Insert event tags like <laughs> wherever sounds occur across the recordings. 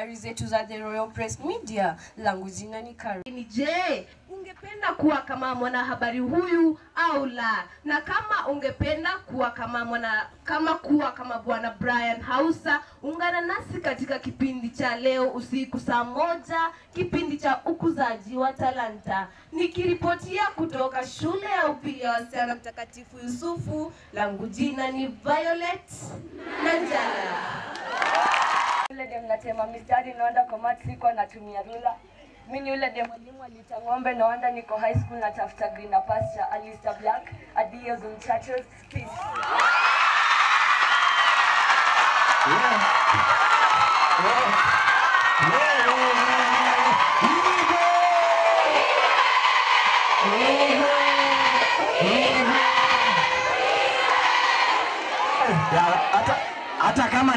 habari zetu za The Royal Press Media. Langu jina ni Karini. Je, ungependa kuwa kama mwanahabari huyu au la? Na kama ungependa kuwa kama mwana kama kuwa kama bwana Brian Hausa, ungana nasi katika kipindi cha leo usiku saa moja, kipindi cha ukuzaji wa talanta, nikiripotia kutoka shule ya upili ya wasichana Mtakatifu Yusufu. Langu jina ni Violet Nanjala. Yule dem natema mistari naenda kwa mat siko natumia rula. Mimi yule dem mwalimu alita ng'ombe naenda niko high school tafuta green pasture. Alista Black, adios churches Peace. Yeah.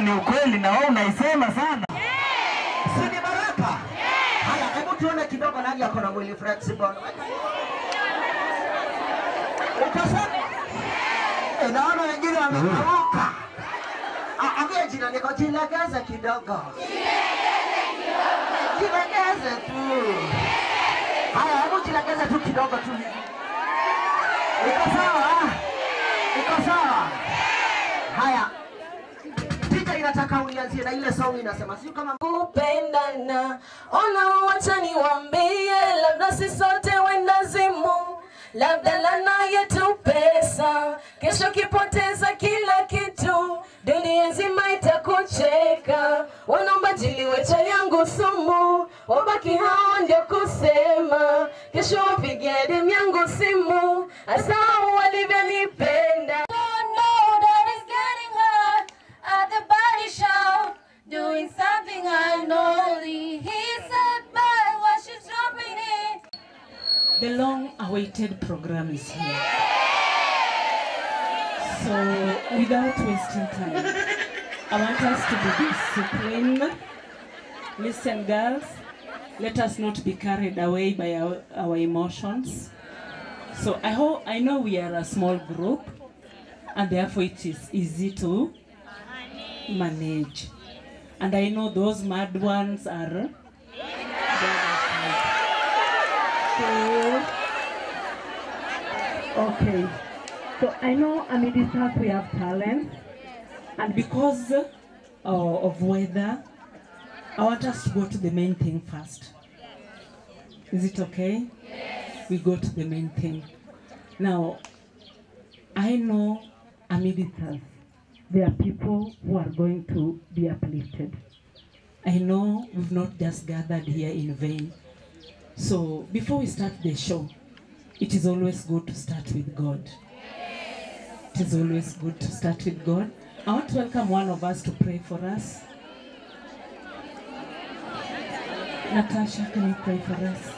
ni ukweli na wewe unaisema sana yeah. Si ni baraka yeah. Haya, hebu tuone kidogo nani yako na mwili flexible ukasema yeah. Eh, naona wengine wamekauka. Mm-hmm. Ambia ah, jirani jilegeze kidogo, jilegeze tu. Haya, hebu jilegeze tu kidogo tu Iko sawa? Iko sawa? Haya, nataka unianzie na ile song inasema sio kama kupendana. Ona, wacha niwaambie, labda sisi sote wendazimu, labda lana yetu pesa, kesho kipoteza kila kitu, dunia nzima itakucheka. Wanaomba jiliwecha yangu sumu, wabaki hao ndio kusema, kesho wapigia dem yangu simu, asau walivyonipenda doing something unholy. He said, dropping The long-awaited program is here. So, without wasting time, I want us to be disciplined. Listen, girls, let us not be carried away by our, our emotions. So I hope I know we are a small group, and therefore it is easy to manage. And I know those mad ones are. okay. So I know amid this we have talent. And because uh, of weather, I want us to go to the main thing first. Is it okay? Yes. We go to the main thing. Now, I know Amidithas there are people who are going to be uplifted. I know we've not just gathered here in vain. So before we start the show, it is always good to start with God. It is always good to start with God. I want to welcome one of us to pray for us. Natasha, can you pray for us?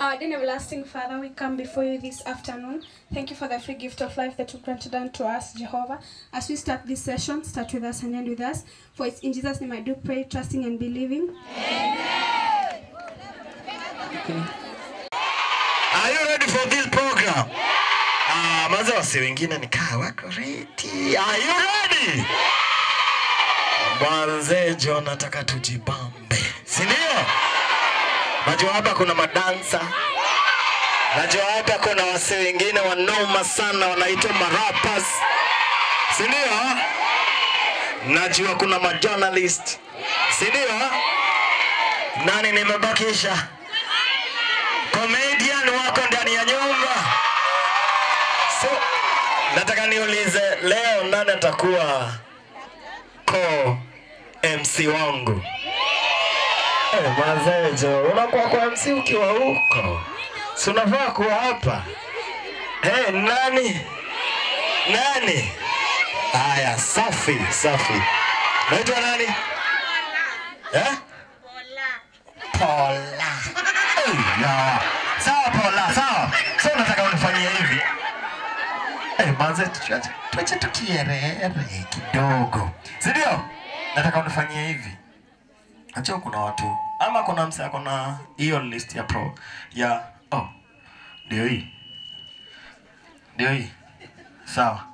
Our uh, dear everlasting Father, we come before you this afternoon. Thank you for the free gift of life that you granted unto us, Jehovah. As we start this session, start with us and end with us. For it's in Jesus' name I do pray, trusting and believing. Amen. Okay. Are you ready for this program? yeah. uh, Are you ready? Yeah. yeah. John nataka tujibambe. Si Najua hapa kuna madansa, najua hapa kuna wasi wengine wanoma sana wanaitwa marapas, si ndio? Najua kuna majournalist, si ndio? Nani nimebakisha? Comedian wako ndani ya nyumba. So, nataka niulize leo nani atakuwa co MC wangu? Eh, Mazejo, unakuwa kwa MC ukiwa huko, si unafaa kuwa hapa eh? Nani nani? Haya, safi safi. Naitwa nani eh? Pola. Hey, sawa Pola, sawa. Sasa unataka unifanyie hivi eh? Manze, tuache tukierere kidogo, si ndio? Nataka unifanyie hivi Acha kuna watu ama kuna msa, kuna hiyo list ya pro ya oh, ndio hii, ndio hii, sawa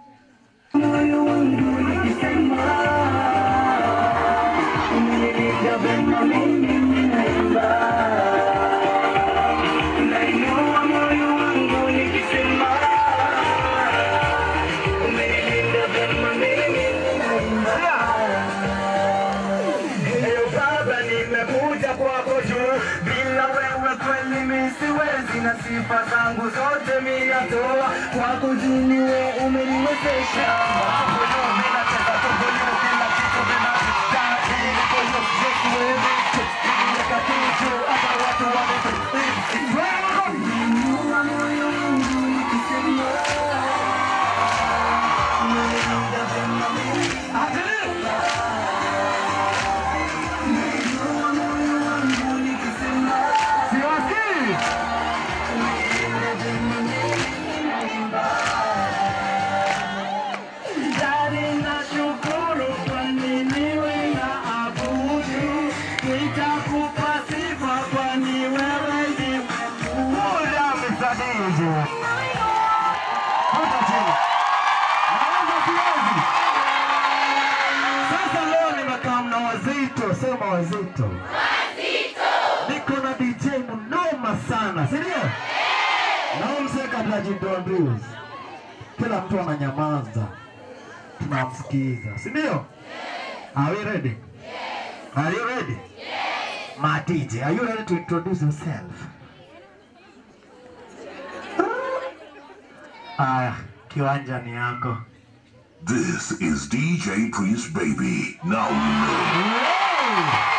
mchungaji Jimbo Andrews. Kila mtu ananyamaza, tunamsikiza, si ndio? Are we ready? Yes. Are you ready? Yes. My are you ready to introduce yourself? Aya, ah, kiwanja ni yako. This is DJ Prince Baby. Now you know. Hey!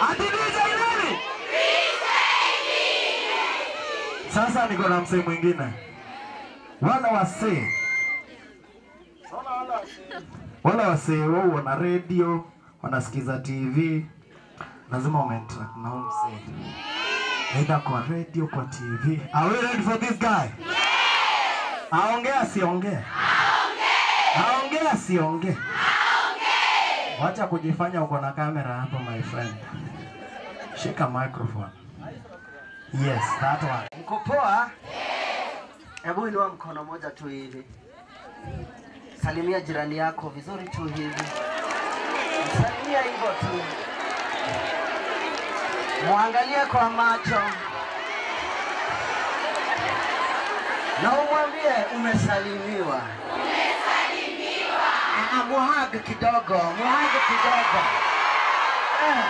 Ati DJ nini? Sasa niko na msee mwingine wala wasee wala wasee wao wana radio wanasikiza TV, lazima wameinteract na huyu msee aidha kwa radio, kwa TV. Are we ready for this guy? Aongea asiongee? Aongee. Aongea asiongee? Aongee. Wacha kujifanya uko na kamera hapo my friend. Shika microphone. Yes, that one. Mko poa? Hebu inua mkono moja tu hivi. Salimia jirani yako vizuri tu hivi. Salimia hivyo tu. Muangalie kwa macho. Na umwambie umesalimiwa. Ah, muhag kidogo, muhag kidogo. Eh.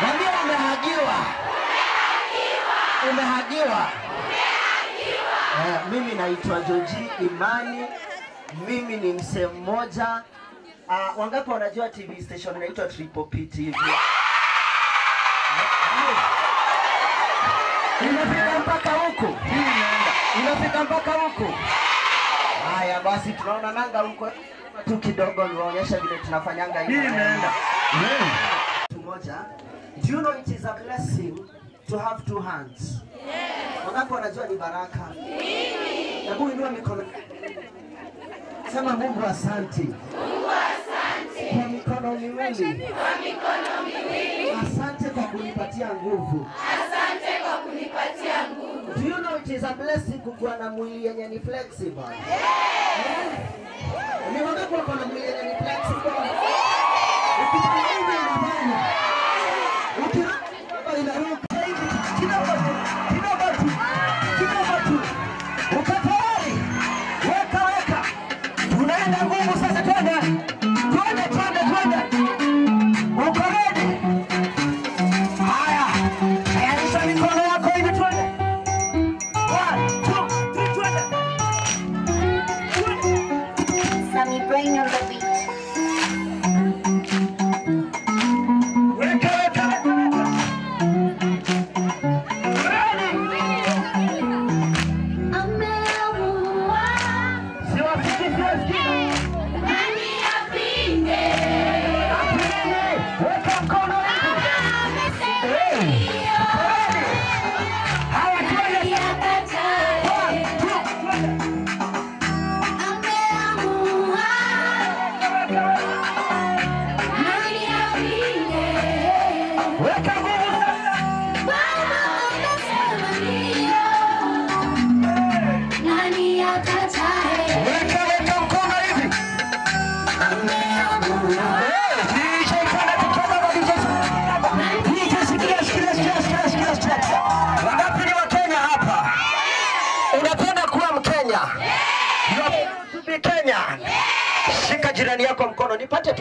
Mwambie umehagiwa. Umehagiwa. Eh, mimi naitwa Joji Imani. Mimi ni mse mmoja. Ah, wangapi wanajua TV station inaitwa Triple P TV? Inafika mpaka huku. Inafika mpaka huku. Haya basi tunaona nanga huko tu kidogo niwaonyeshe vile tunafanyanga hii maneno. Tumoja. Do you know it is a blessing to have two hands? Yeah. Wangapi wanajua ni baraka? Mimi. Hebu inua mikono. Sema Mungu asante. Mungu asante. Kwa mikono miwili. Kwa mikono miwili. Asante kwa kunipatia nguvu. Asante kwa kunipatia nguvu. Do you know it is a blessing kukuwa na mwili yenye ni flexible? Yeah. yeah. Nimeona kwa kuna mwingine ni platform. Ukipanga hivi unafanya.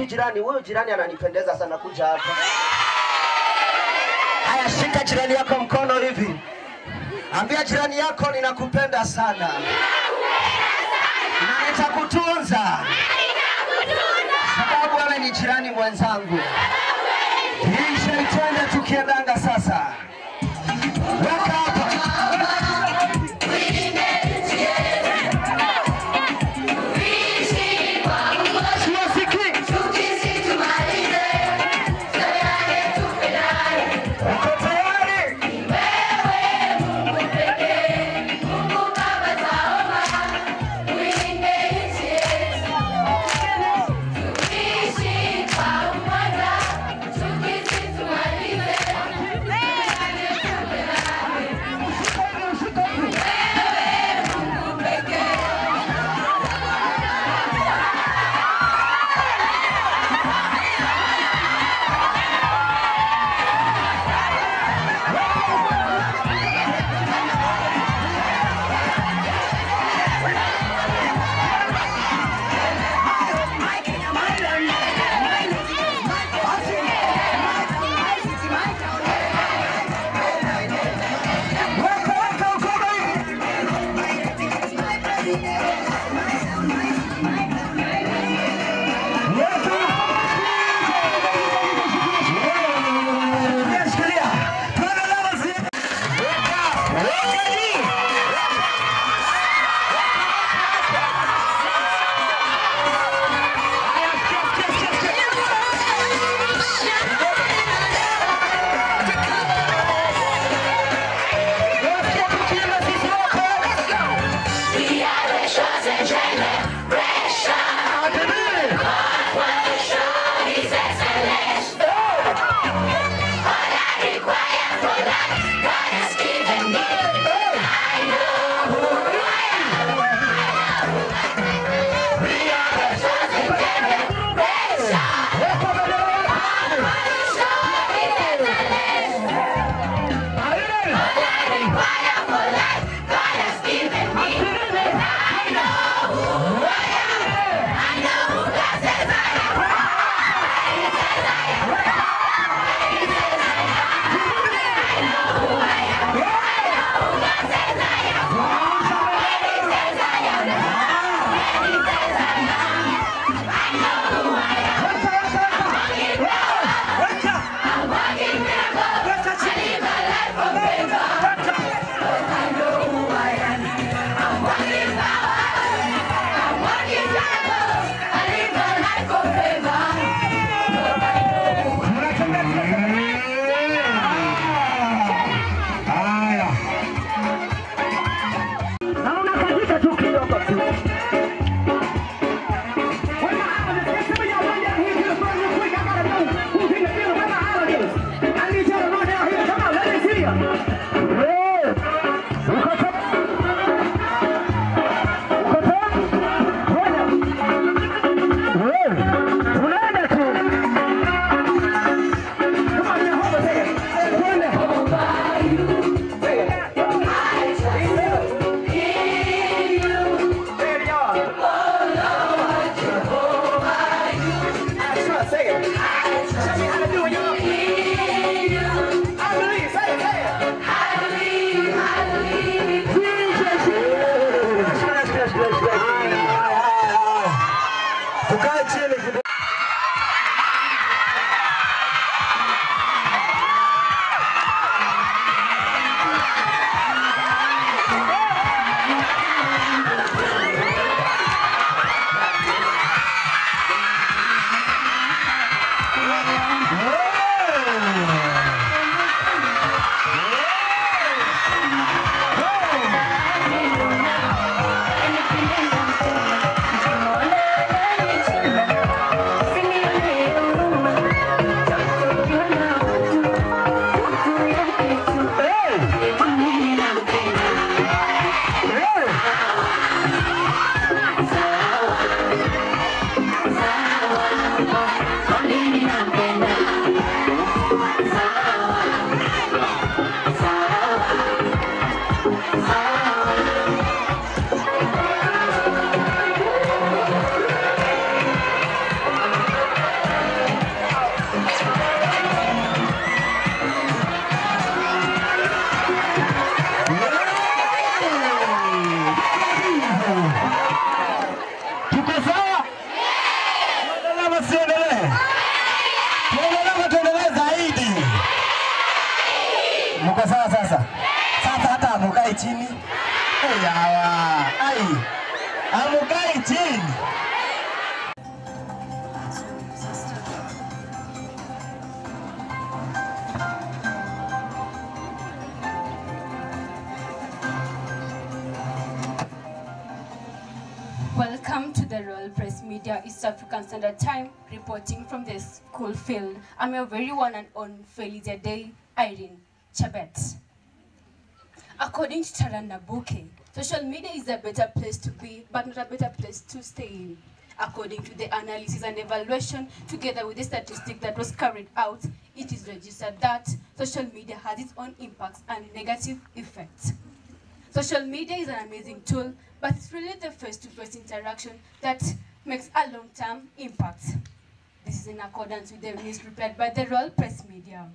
jirani, huyu jirani ananipendeza sana kuja hapa. Haya, shika jirani yako mkono hivi, ambia jirani yako ninakupenda sana na nitakutunza, sababu wewe ni jirani mwenzangu. on the time reporting from the school field. I'm your very one and own Felicia Day Irene Chabet. According to Tara Nabuke, social media is a better place to be, but not a better place to stay in. According to the analysis and evaluation, together with the statistic that was carried out, it is registered that social media has its own impacts and negative effects. Social media is an amazing tool, but it's really the face to -face interaction that makes a long-term impact. This is in accordance with the news prepared by the Royal Press Media.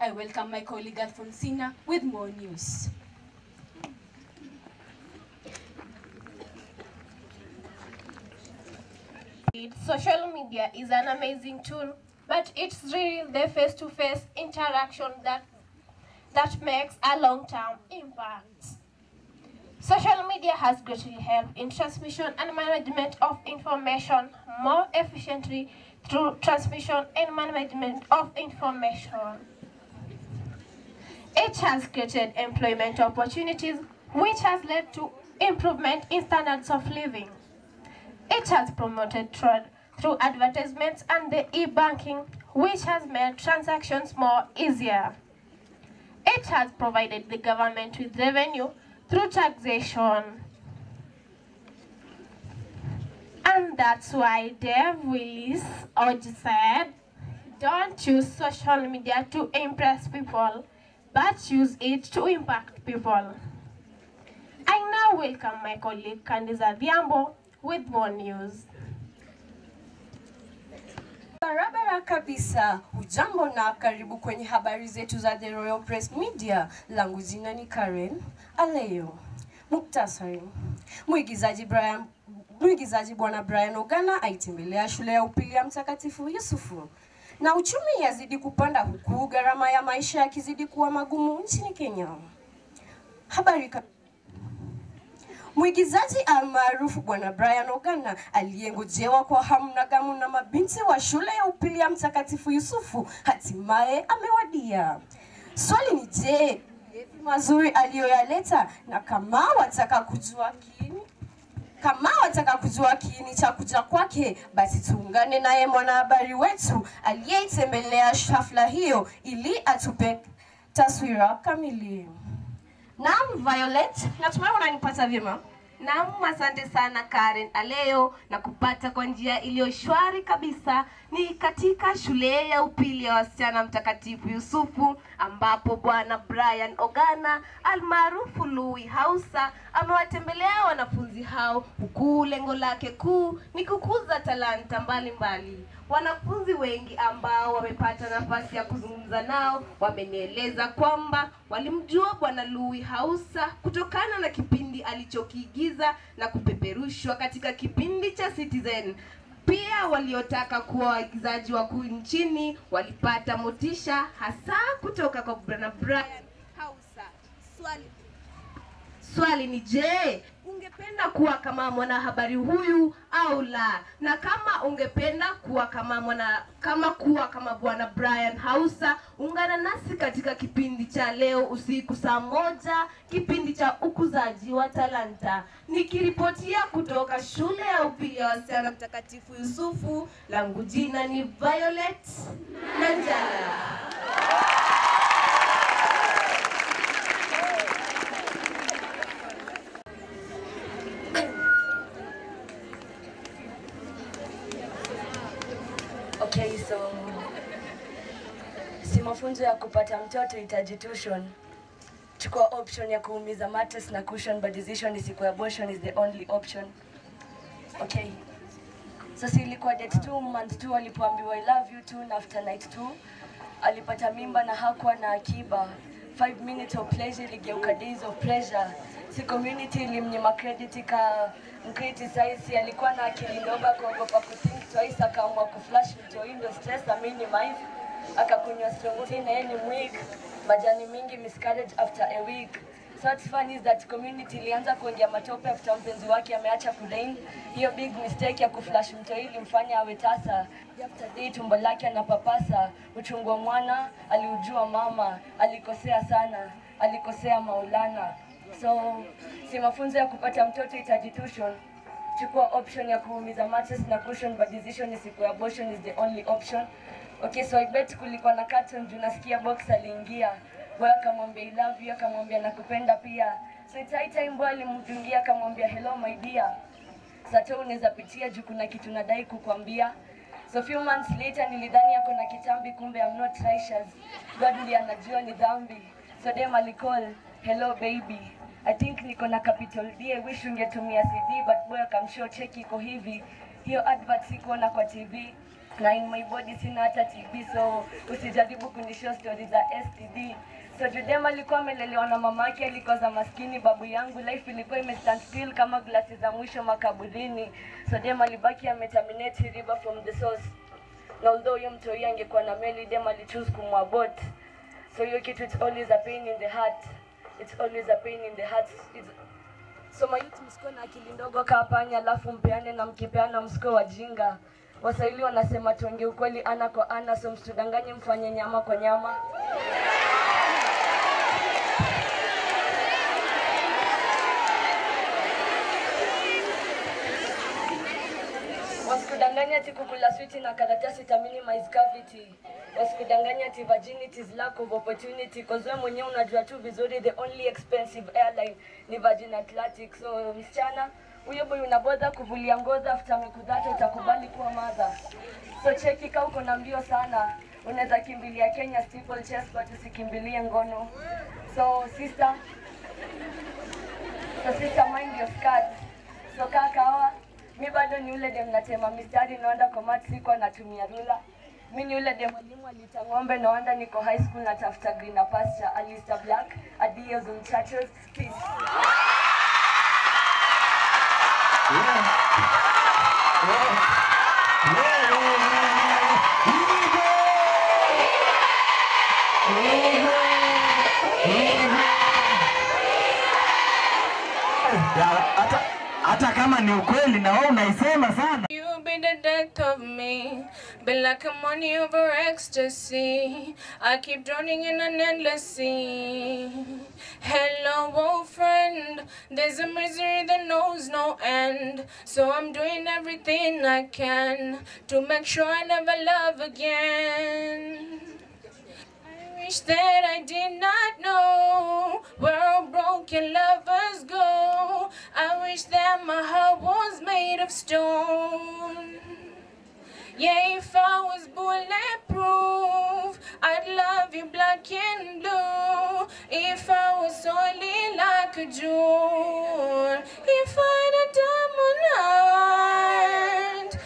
I welcome my colleague Alfonsina with more news. Social media is an amazing tool, but it's really the face-to-face -face interaction that, that makes a long-term impact. Social media has greatly helped in transmission and management of information more efficiently through transmission and management of information. It has created employment opportunities which has led to improvement in standards of living. It has promoted trade through advertisements and the e-banking which has made transactions more easier. It has provided the government with revenue through taxation. And that's why Dev Willis Hodge said, don't use social media to impress people, but use it to impact people. I now welcome my colleague Candice Diambo with more news. Barabara kabisa. Ujambo na karibu kwenye habari zetu za The Royal Press Media. Langu jina ni Karen Aleyo muktasari. Mwigizaji Brian mwigizaji Bwana Brian Ogana aitembelea shule ya upili ya Mtakatifu Yusufu na uchumi yazidi kupanda huku gharama ya maisha yakizidi kuwa magumu nchini Kenya. Habari ka... Mwigizaji almaarufu Bwana Brian Ogana aliyengojewa kwa hamu na gamu na mabinti wa shule ya upili ya Mtakatifu Yusufu hatimaye amewadia. Swali ni je, mazuri aliyoyaleta, na kama wataka kujua kini kama wataka kujua kini cha kuja kwake, basi tuungane naye mwanahabari wetu aliyeitembelea hafla hiyo ili atupe taswira kamili. Naam, Violet, natumai unanipata vyema. Naam, asante sana Karen Aleo na kupata kwa njia iliyo shwari kabisa. Ni katika shule ya upili ya wasichana Mtakatifu Yusufu ambapo Bwana Brian Ogana almaarufu Lui Hausa amewatembelea wanafunzi hao, huku lengo lake kuu ni kukuza talanta mbalimbali mbali. Wanafunzi wengi ambao wamepata nafasi ya kuzungumza nao wamenieleza kwamba walimjua Bwana lui Hausa kutokana na kipindi alichokiigiza na kupeperushwa katika kipindi cha Citizen. Pia waliotaka kuwa waigizaji wakuu nchini walipata motisha hasa kutoka kwa Bwana Brian Hausa. Swali, swali ni je, ungependa kuwa kama mwanahabari huyu au la, na kama ungependa kuwa kama mwana, kama kuwa kama bwana Brian Hausa, ungana nasi katika kipindi cha leo usiku saa moja, kipindi cha ukuzaji wa talanta, nikiripotia kutoka shule ya upili ya wasichana Mtakatifu Yusufu. Langu jina ni Violet Nanjala. mafunzo ya kupata mtoto hitaji tuition. Chukua option ya kuumiza matters na cushion but decision is equal abortion is the only option. Okay. Sasa ilikuwa date 2 month 2 alipoambiwa I love you too na after night 2 alipata mimba na hakuwa na akiba. 5 minutes of pleasure iligeuka days of pleasure. Si community ilimnyima credit ka mkriti saisi, alikuwa na akili ndogo akaogopa kuthink twice, akaamua kuflash mtoindo stress na minimize akakunywa strongoli na yeye ni mwig, majani mingi miscarriage after a week. So what's funny is that community ilianza kuongea matope after mpenzi wake ameacha kulain hiyo big mistake ya kuflash mtoi ilimfanya awe tasa. After day tumbo lake anapapasa, uchungu wa mwana aliujua mama, alikosea sana, alikosea Maulana. So si mafunzo ya kupata mtoto itaji chukua option ya kuumiza matches na cushion but decision is if abortion is the only option Okay, so I bet kulikuwa na carton juu nasikia box aliingia. Boy akamwambia I love you, akamwambia nakupenda pia. So it's high time boy alimdungia akamwambia hello my dear. Sasa unaweza pitia juu kuna kitu nadai kukwambia. So few months later nilidhani yako na kitambi, kumbe I'm not righteous. God ndiye anajua ni dhambi. So dem alicall, hello baby. I think niko na Capital D, I wish ungetumia CD but boy akamshow cheki iko hivi. Hiyo advert sikuona kwa TV na in my body sina hata TB, so usijaribu kunishow story za STD. So Judema alikuwa amelelewa na mama yake, alikuwa za maskini babu yangu. Life ilikuwa ime stand still kama glasi za mwisho makaburini. So Dem alibaki ameterminate river from the source, na although huyo mtoi angekuwa na meli, Dem alichoose kumwabot. So hiyo kitu, it's always a pain in the heart, it's always a pain in the heart, it's So my youth, msikuwe na akili ndogo kaa panya, alafu mpeane, na mkipeana msikuwe wajinga. Waswahili wanasema tuonge ukweli ana kwa ana, so msitudanganye mfanye nyama kwa nyama. Wasikudanganye ati kukula switi na karatasi tamini mais cavity. Wasikudanganye ati virginity is lack of opportunity cause wewe mwenyewe unajua tu vizuri the only expensive airline ni Virgin Atlantic. So msichana huyo boy unaboza kuvulia ngoza afta mekudata utakubali kuwa madha. So cheki ka uko na mbio sana, unaweza kimbilia Kenya steeple steeplechase but usikimbilie ngono. So sister, so sister mind your skirt. So kakawa, mi bado ni ule dem natema mistari naenda kwa mat siko natumia rula. Mi ni ule dem mwalimu alita ng'ombe naenda niko high school na green na pasture. alista Black, adios on churches, peace hata kama ni ukweli na wewe unaisema sana. Been like a money over ecstasy. I keep drowning in an endless sea. Hello, old friend. There's a misery that knows no end. So I'm doing everything I can to make sure I never love again. I wish that I did not know where broken lovers go. I wish that my heart was made of stone. Yeah, if I was bulletproof, I'd love you black and blue. If I was only like a jewel, if I had a diamond heart,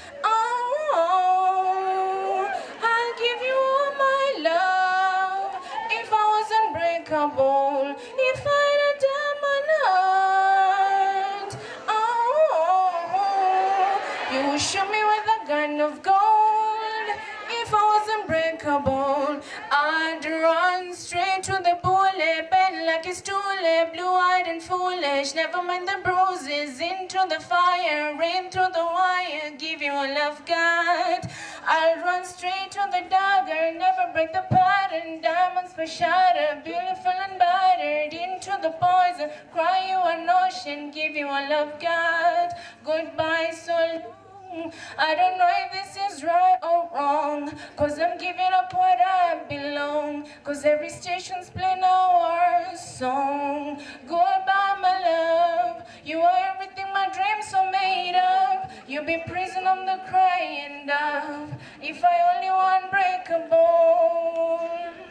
is too late, blue-eyed and foolish. Never mind the bruises, Into the fire, rain through the wire. Give you all I've got. I'll run straight to the dagger, never break the pattern. Diamonds for shatter, beautiful and battered. Into the poison, cry you an ocean. Give you all I've got. Goodbye, soul. I don't know if this is right or wrong Cause I'm giving up what I belong Cause every station's playing our song Goodbye my love You are everything my dreams are made of You'll be prison on the crying dove If I only one break a bone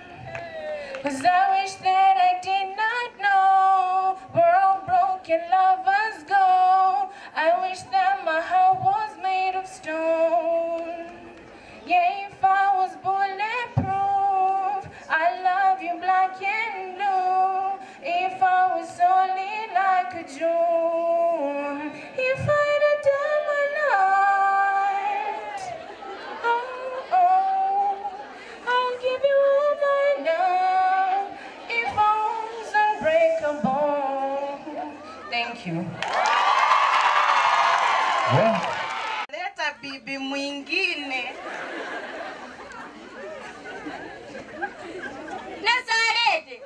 Cause I wish that I did not know where all broken lovers go. I wish that my heart was made of stone. Yeah, if I was bulletproof, I love you black and blue. If I was solid like a jewel, if I oh oh, I'd give you all my love unbreakable. Thank you. Yeah. Leta bibi mwingine. Nazareti.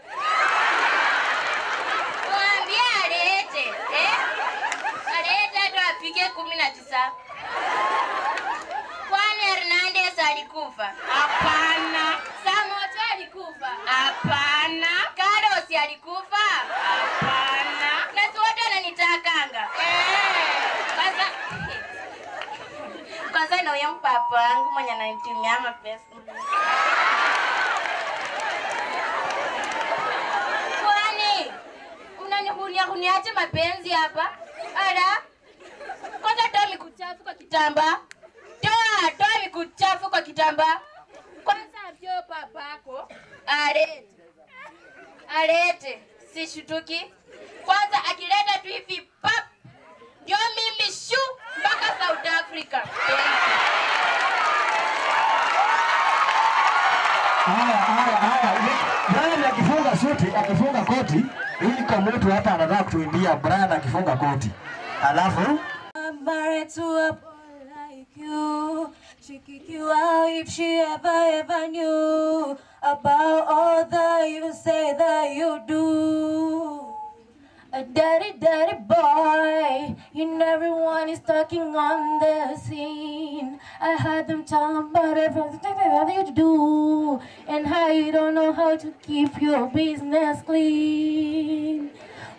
yangu mwenye anaitumia mapesa kwani unanihunia huniache mapenzi hapa ada kwanza toa mikuchafu kwa kitambaa toa toa mikuchafu kwa kitambaa kwanza vyo babako arete alete sishutuki kwanza akileta tu hivi pap ndio mimi shu mpaka south africa Thank haya haya haya. Brian akifunga suti, akifunga koti, Wilcom wetu hapa anataka kutuimbia Brian akifunga koti, alafu about all that you say that you do. A daddy, daddy boy, and everyone is talking on the scene. I heard them talking about everything that you do, and how you don't know how to keep your business clean.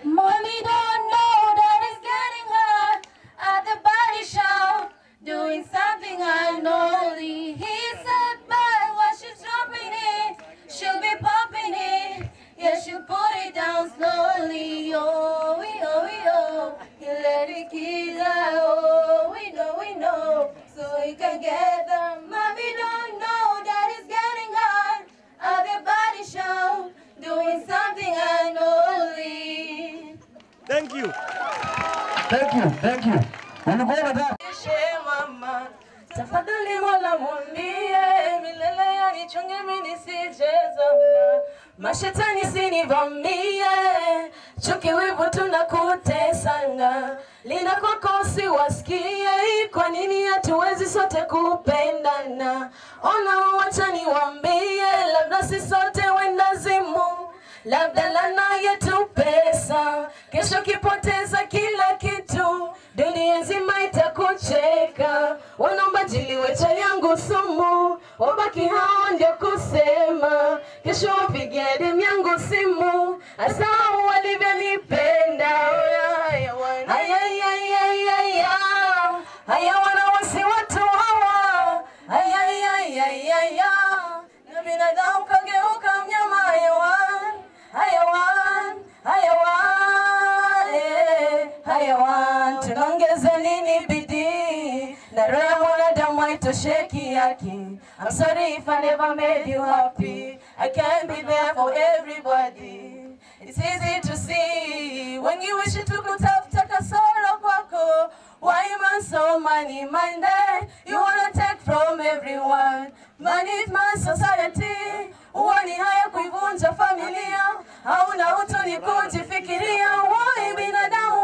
Mommy don't know that it's getting hot at the body shop, doing something I unholy. He's said by what she's dropping it, she'll be popping it. Yes, you put it down slowly. Oh, we oh, we oh. You let it kill out. Oh, we know, we know. So we can get them. Mommy don't know that it's getting hard. Everybody show doing something unholy. Thank you. Thank you. Thank you. Unapenda tafadhali Mola mulie eh, milele nichongeme nisijezama, mashetani sinivamie, chuki wivu tunakutesana, lina kwako usiwasikie. Kwa nini hatuwezi sote kupendana? Ona, wacha niwambie, labda si sote wendazimu, labda lana yetu pesa, kesho kipoteza kila kitu dunia nzima itakucheka, wanaombajili wacha yangu sumu, wabaki hao ndio kusema, kesho wapige demu yangu simu, hasa walivyonipenda haya wanawasi watu hawa, na binadamu kageuka mnyama, hayawan hayawan hayawan want to nini bidii na roho mwanadamu haitosheki yake I'm sorry if I never made you happy I can't be there for everybody It's easy to see when you wish to go tukutafuta kasoro kwako why you man so money minded you wanna take from everyone money is my society uwani haya kuivunja familia hauna utu ni kujifikiria why binadamu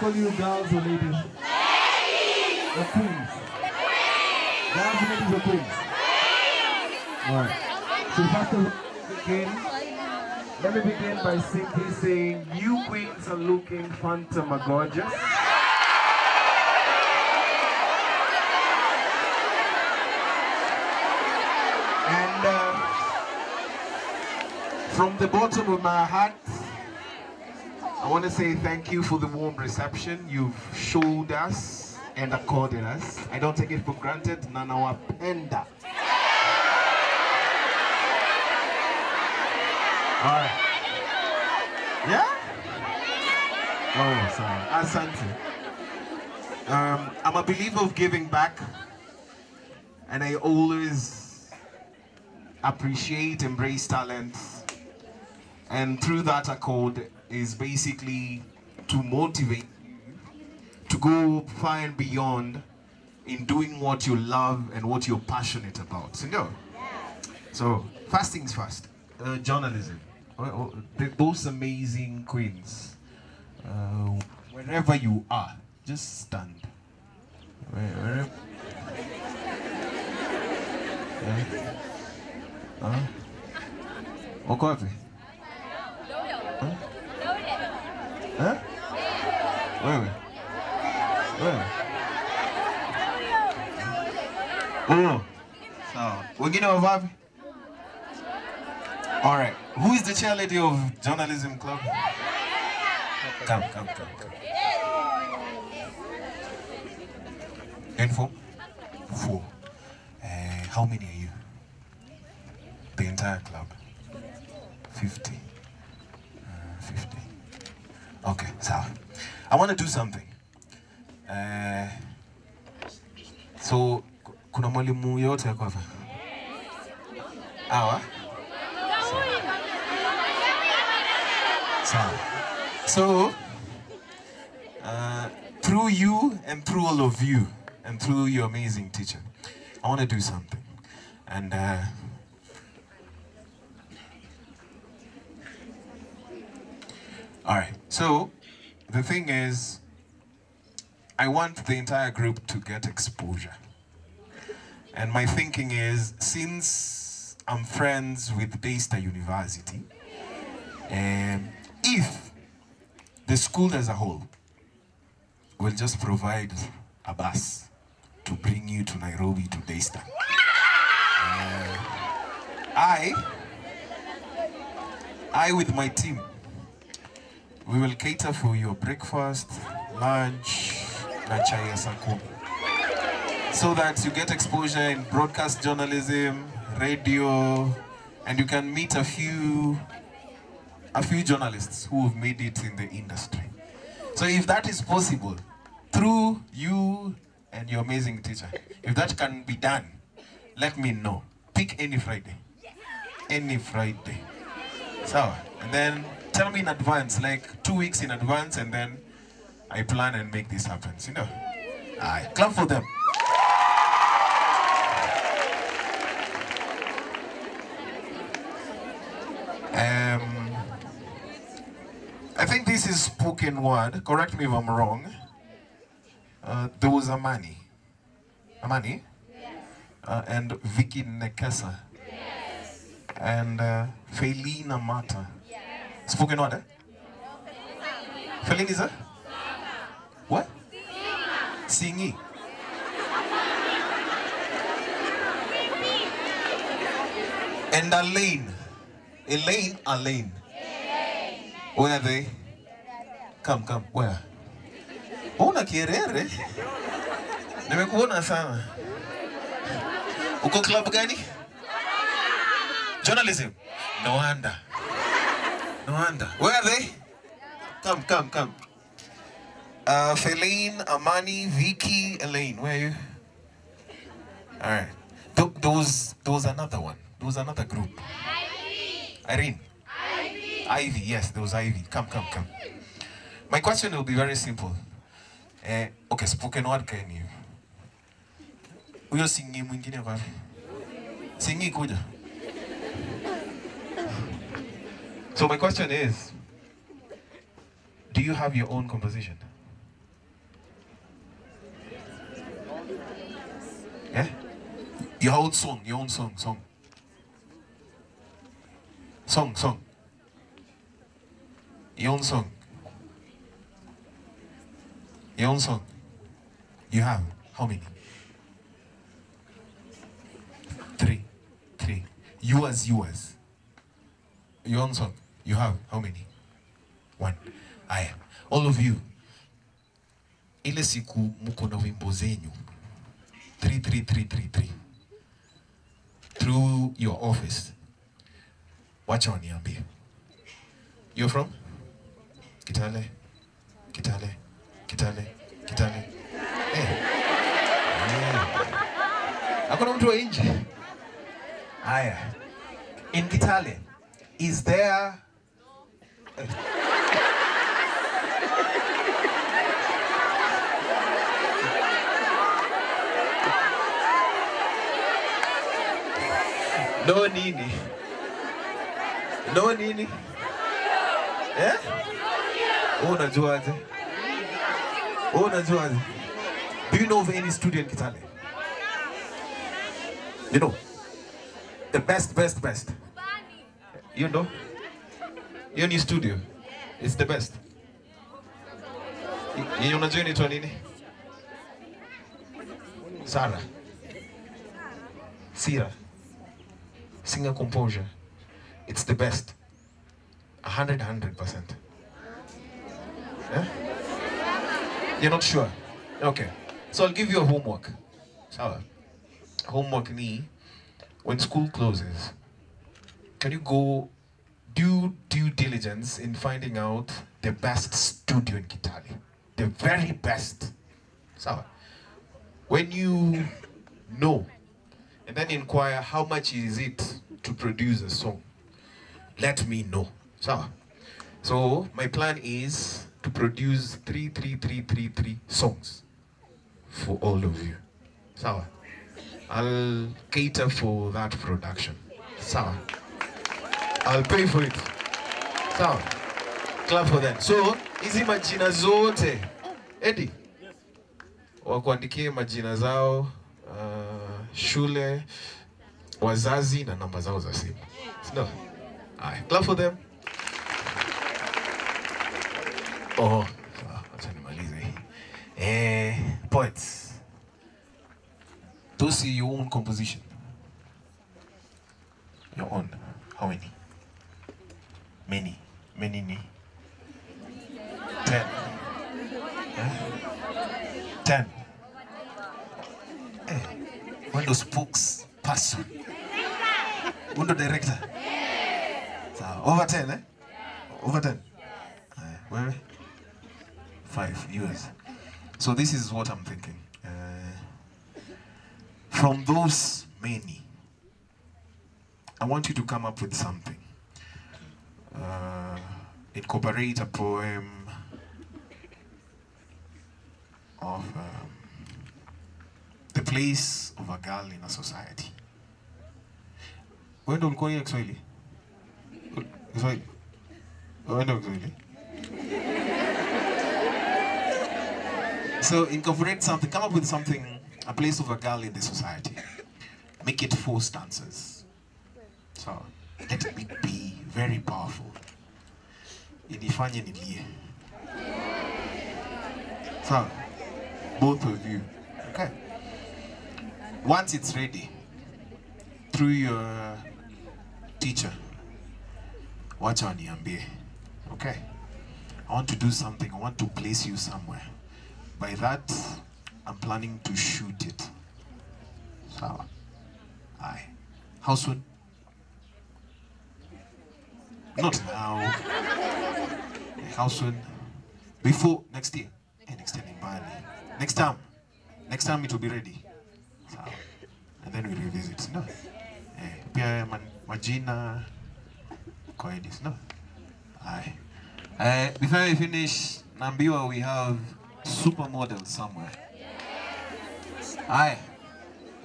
call you girls or ladies? Ladies! Or queens? Ladies, Girls or ladies or queens? Queens! Alright. So first of begin. Let me begin by simply saying, you queens are looking gorgeous. And uh, from the bottom of my heart, I want to say thank you for the warm reception you've showed us and accorded us. I don't take it for granted. Nanawapenda. All right. Yeah? Oh, sorry. Asante. Um, I'm a believer of giving back. And I always appreciate, embrace talent. And through that accord, is basically to motivate you to go far and beyond in doing what you love and what you're passionate about. So, no. So, first things first, uh, journalism. Uh, oh, oh, those amazing queens, uh, wherever you are, just stand. wherever. Yeah. Huh? Huh? Hein where? Where? Ouais. Oh. So, we're getting vibe? All right. Who is the chair lady of Journalism Club? Come, come, come, come. Info? Four. Uh, how many are you? The entire club. I want to do something. Uh, so kuna mwalimu yote yako hapa? Awa? So, uh, through you and through all of you and through your amazing teacher, I want to do something. And uh, all right, so the thing is, I want the entire group to get exposure. And my thinking is, since I'm friends with Daystar University, um, if the school as a whole will just provide a bus to bring you to Nairobi to Daystar, uh, I, I with my team, we will cater for your breakfast, lunch, na chai So that you get exposure in broadcast journalism, radio, and you can meet a few a few journalists who have made it in the industry. So if that is possible, through you and your amazing teacher, if that can be done, let me know. Pick any Friday. Any Friday. So, and then tell me in advance, like two weeks in advance, and then I plan and make this happen. You know? I clap for them. Um, I think this is spoken word. Correct me if I'm wrong. Uh, are money, money, Amani? Yes. Uh, and Vicky Nekesa. Yes. And uh, Felina Mata. sivuke nota foleni za what singi and a A lane. lane, a lane. where are they come come where una kierere nimekuona sana uko club gani journalism no wonder Rwanda. Where are they? Come, come, come. Uh, Feline, Amani, Vicky, Elaine, where are you? All right. Th those, those another one. Those another group. Ivy. Irene. Ivy. Ivy, yes, those Ivy. Come, come, come. My question will be very simple. uh, okay, spoken word can you? Uyo singi mwingine wapi? Singi kuja. So my question is, do you have your own composition? Yeah? Your own song, your own song, song. Song, song. Your own song. Your own song. You have how many? Three. Three. Yours, yours. Your own song. You have how many? One. Aya, all of you, ile siku muko na wimbo zenyu three. through your office, wacha waniambie. You're from Kitale, Kitale, Kitale, Kitale. Hey. Eh. Eh. Hey. Hakuna mtu wa nje. Aya, in Kitale, is there No nini? No nini? Eh? Wewe unajuaje? Wewe unajuaje? Do you know of any student Kitale? You know? The best, best, best. You know? Hiyo ni studio. It's the best. Yenye unajua inaitwa nini? Sara. Sira. Singer composure. It's the best. 100 100%. Yeah? You're not sure? Okay. So I'll give you a homework. Sawa. Homework ni when school closes, can you go do due diligence in finding out the best studio in Kitali. The very best. So, when you know and then inquire how much is it to produce a song, let me know. So, so my plan is to produce three, three, three, three, three songs for all of you. So, I'll cater for that production. So. I'll pay for it. So, Clap for that. So, hizi majina zote Eddie, yes. Wakuandikie majina zao, uh, shule, wazazi na namba zao za simu. No. Aye. Clap for them. Oh, acha nimalize hii. Eh, poets. To see your own composition. Your own. How many? many many ni ten eh? ten eh, wendo spokes person undo director so, over ten eh? over ten eh, wewe five years so this is what I'm thinking uh, from those many I want you to come up with something uh, incorporate a poem of um, the place of a girl in a society. Wendo ulikuwa hiyo Kiswahili? Kiswahili? So incorporate something, come up with something, a place of a girl in the society. Make it four stanzas. So let me be very powerful. Inifanye nilie. So, both of you. Okay. Once it's ready, through your teacher, watch on Yambie. Okay. I want to do something. I want to place you somewhere. By that, I'm planning to shoot it. So, Aye. How soon? Not now. How soon? Before next year. Hey, next in Bali. Next time. Next time it will be ready. So, and then we revisit. No. Eh, pia majina kwa edis. No. Aye. Uh, before we finish, Nambiwa, we have supermodels somewhere. Aye.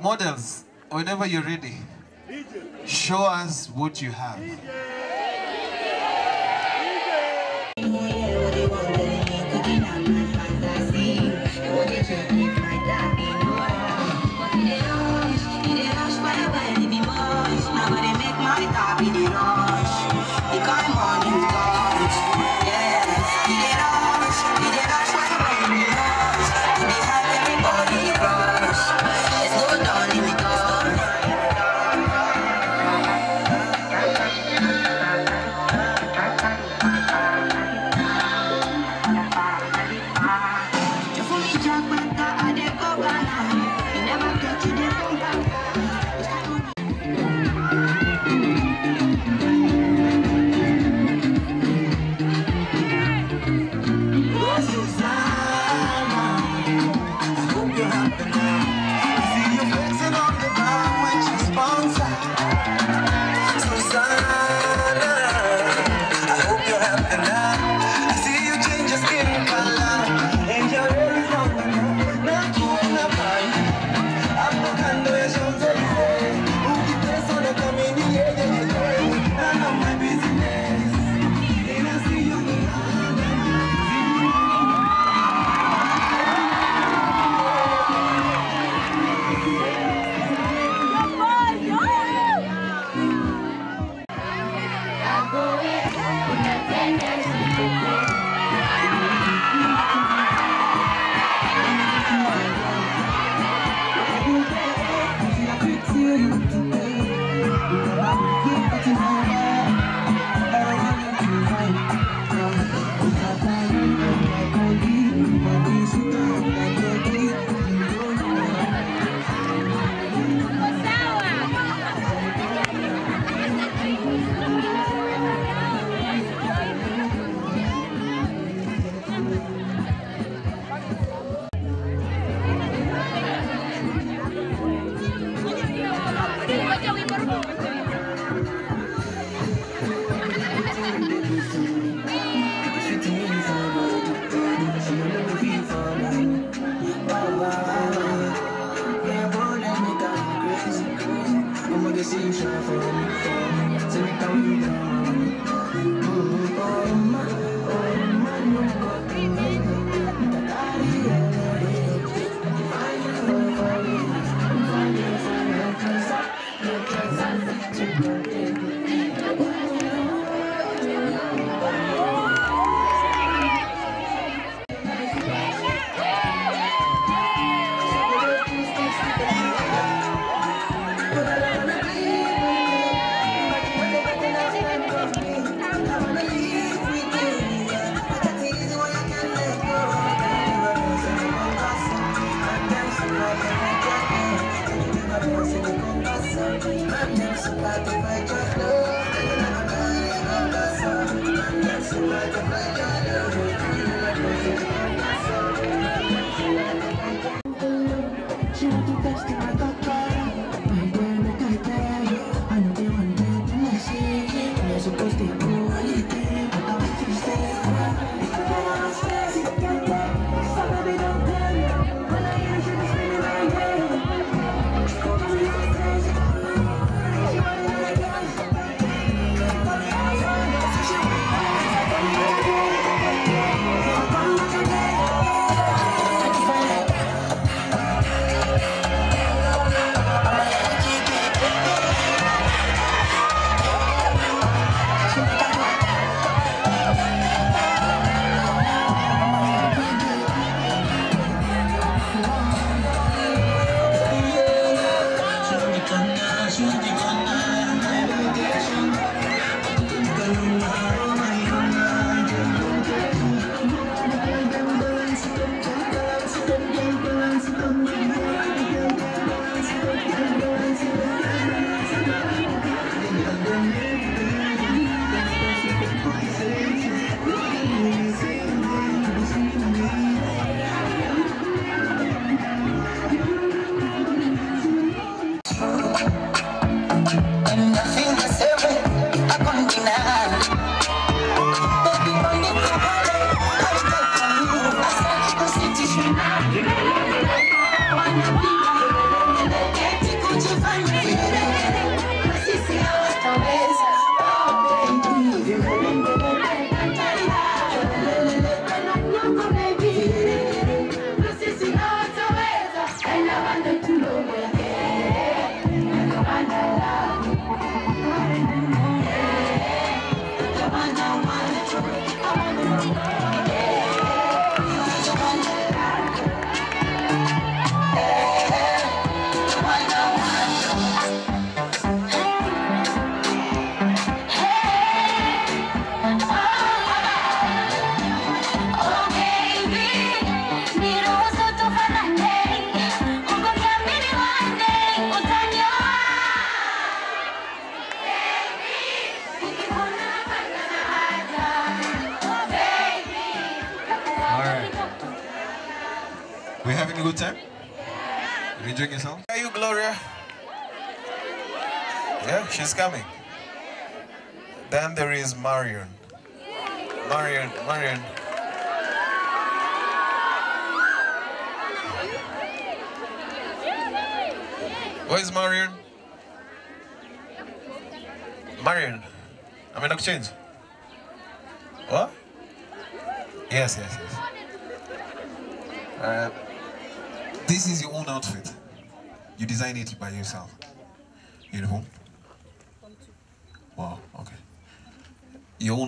Models, whenever you're ready, show us what you have.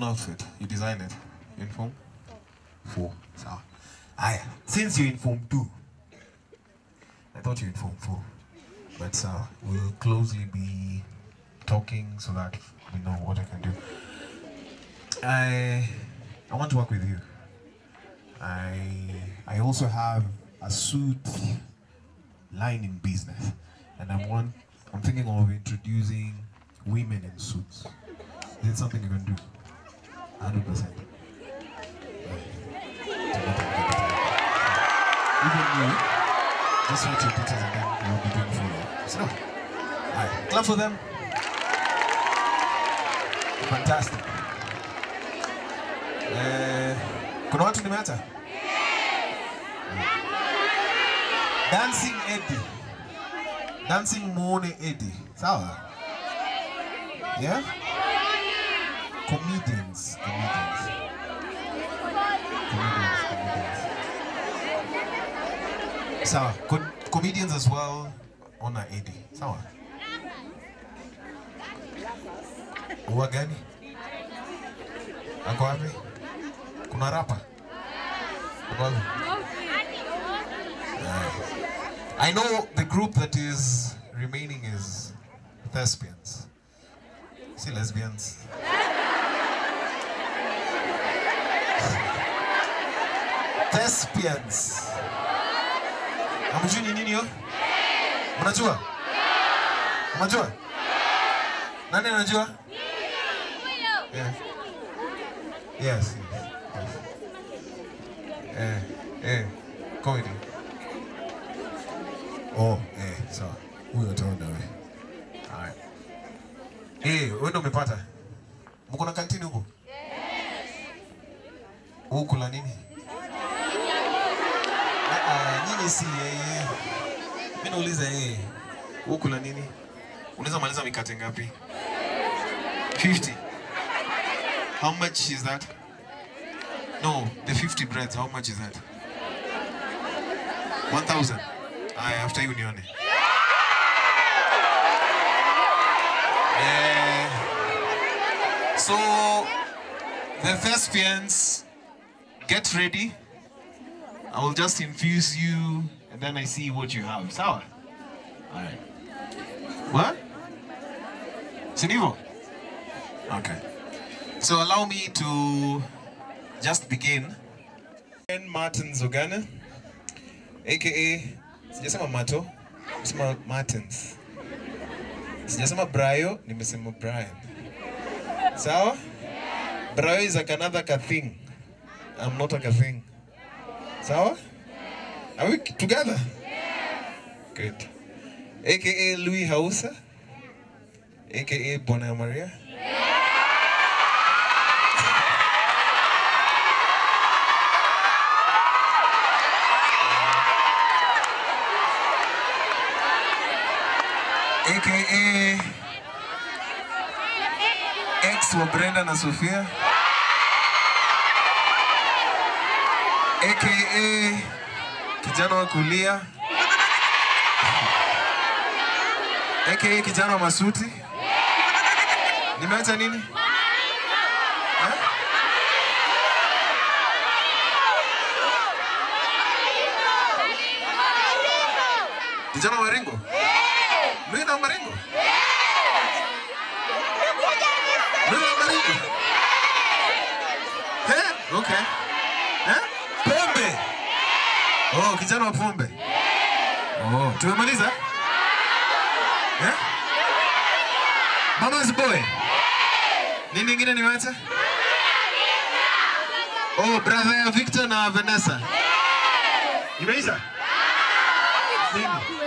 outfit. You design it. In form? Four. So, I, ah, since you're in form two, I thought you were in form four. But uh, we'll closely be talking so that we know what I can do. I I want to work with you. I I also have a suit line in business, and I'm one. I'm thinking of introducing women in suits. Is it something you can do? 100%. Even me, for them. Fantastic. kuna watu nimeacha? Dancing Eddie. Dancing muone Eddie. Sawa? Yeah? comedians. Comedians. comedians, comedians. Sawa, Co comedians as well on our AD. Sawa. Uwa gani? Ako wapi? Kuna rapa? Eh. I know the group that is remaining is thespians. See lesbians. thespians. Hamjui ni nini hiyo? Mnajua? Mnajua? Nani anajua? Yes. Yes. yes. Eh, eh, comedy. Oh, eh, sawa. Huyo utaona wewe. Haya. Eh, wewe ndio umepata. much is that? No, the 50 breads, how much is that? 1,000? I after you, Nione. Uh, so, the thespians, get ready. I will just infuse you, and then I see what you have. Sour? All right. What? Sinivo? So allow me to just begin. Martin Zogana, aka sijasema Mato, nimesema Martins. Sijasema Brayo, nimesema Brian. Sawa? Brayo is like another ka thing. I'm not like a Kathing. Sawa? Are we together? Good. AKA Louis Hausa, AKA Bona Maria. aka ex wa Brenda na Sofia aka kijana wa kulia aka kijana wa masuti. Nimeacha nini? Kijana wa Ringo. Leo Maringo? Leo Maringo? Eh? Okay. Eh? Pembe. Oh, kijana wa pombe. Oh, tumemaliza? Eh? Mama's boy. Nini ingine niwacha? Oh, brother ya Victor na Vanessa. Imeisha? Nini?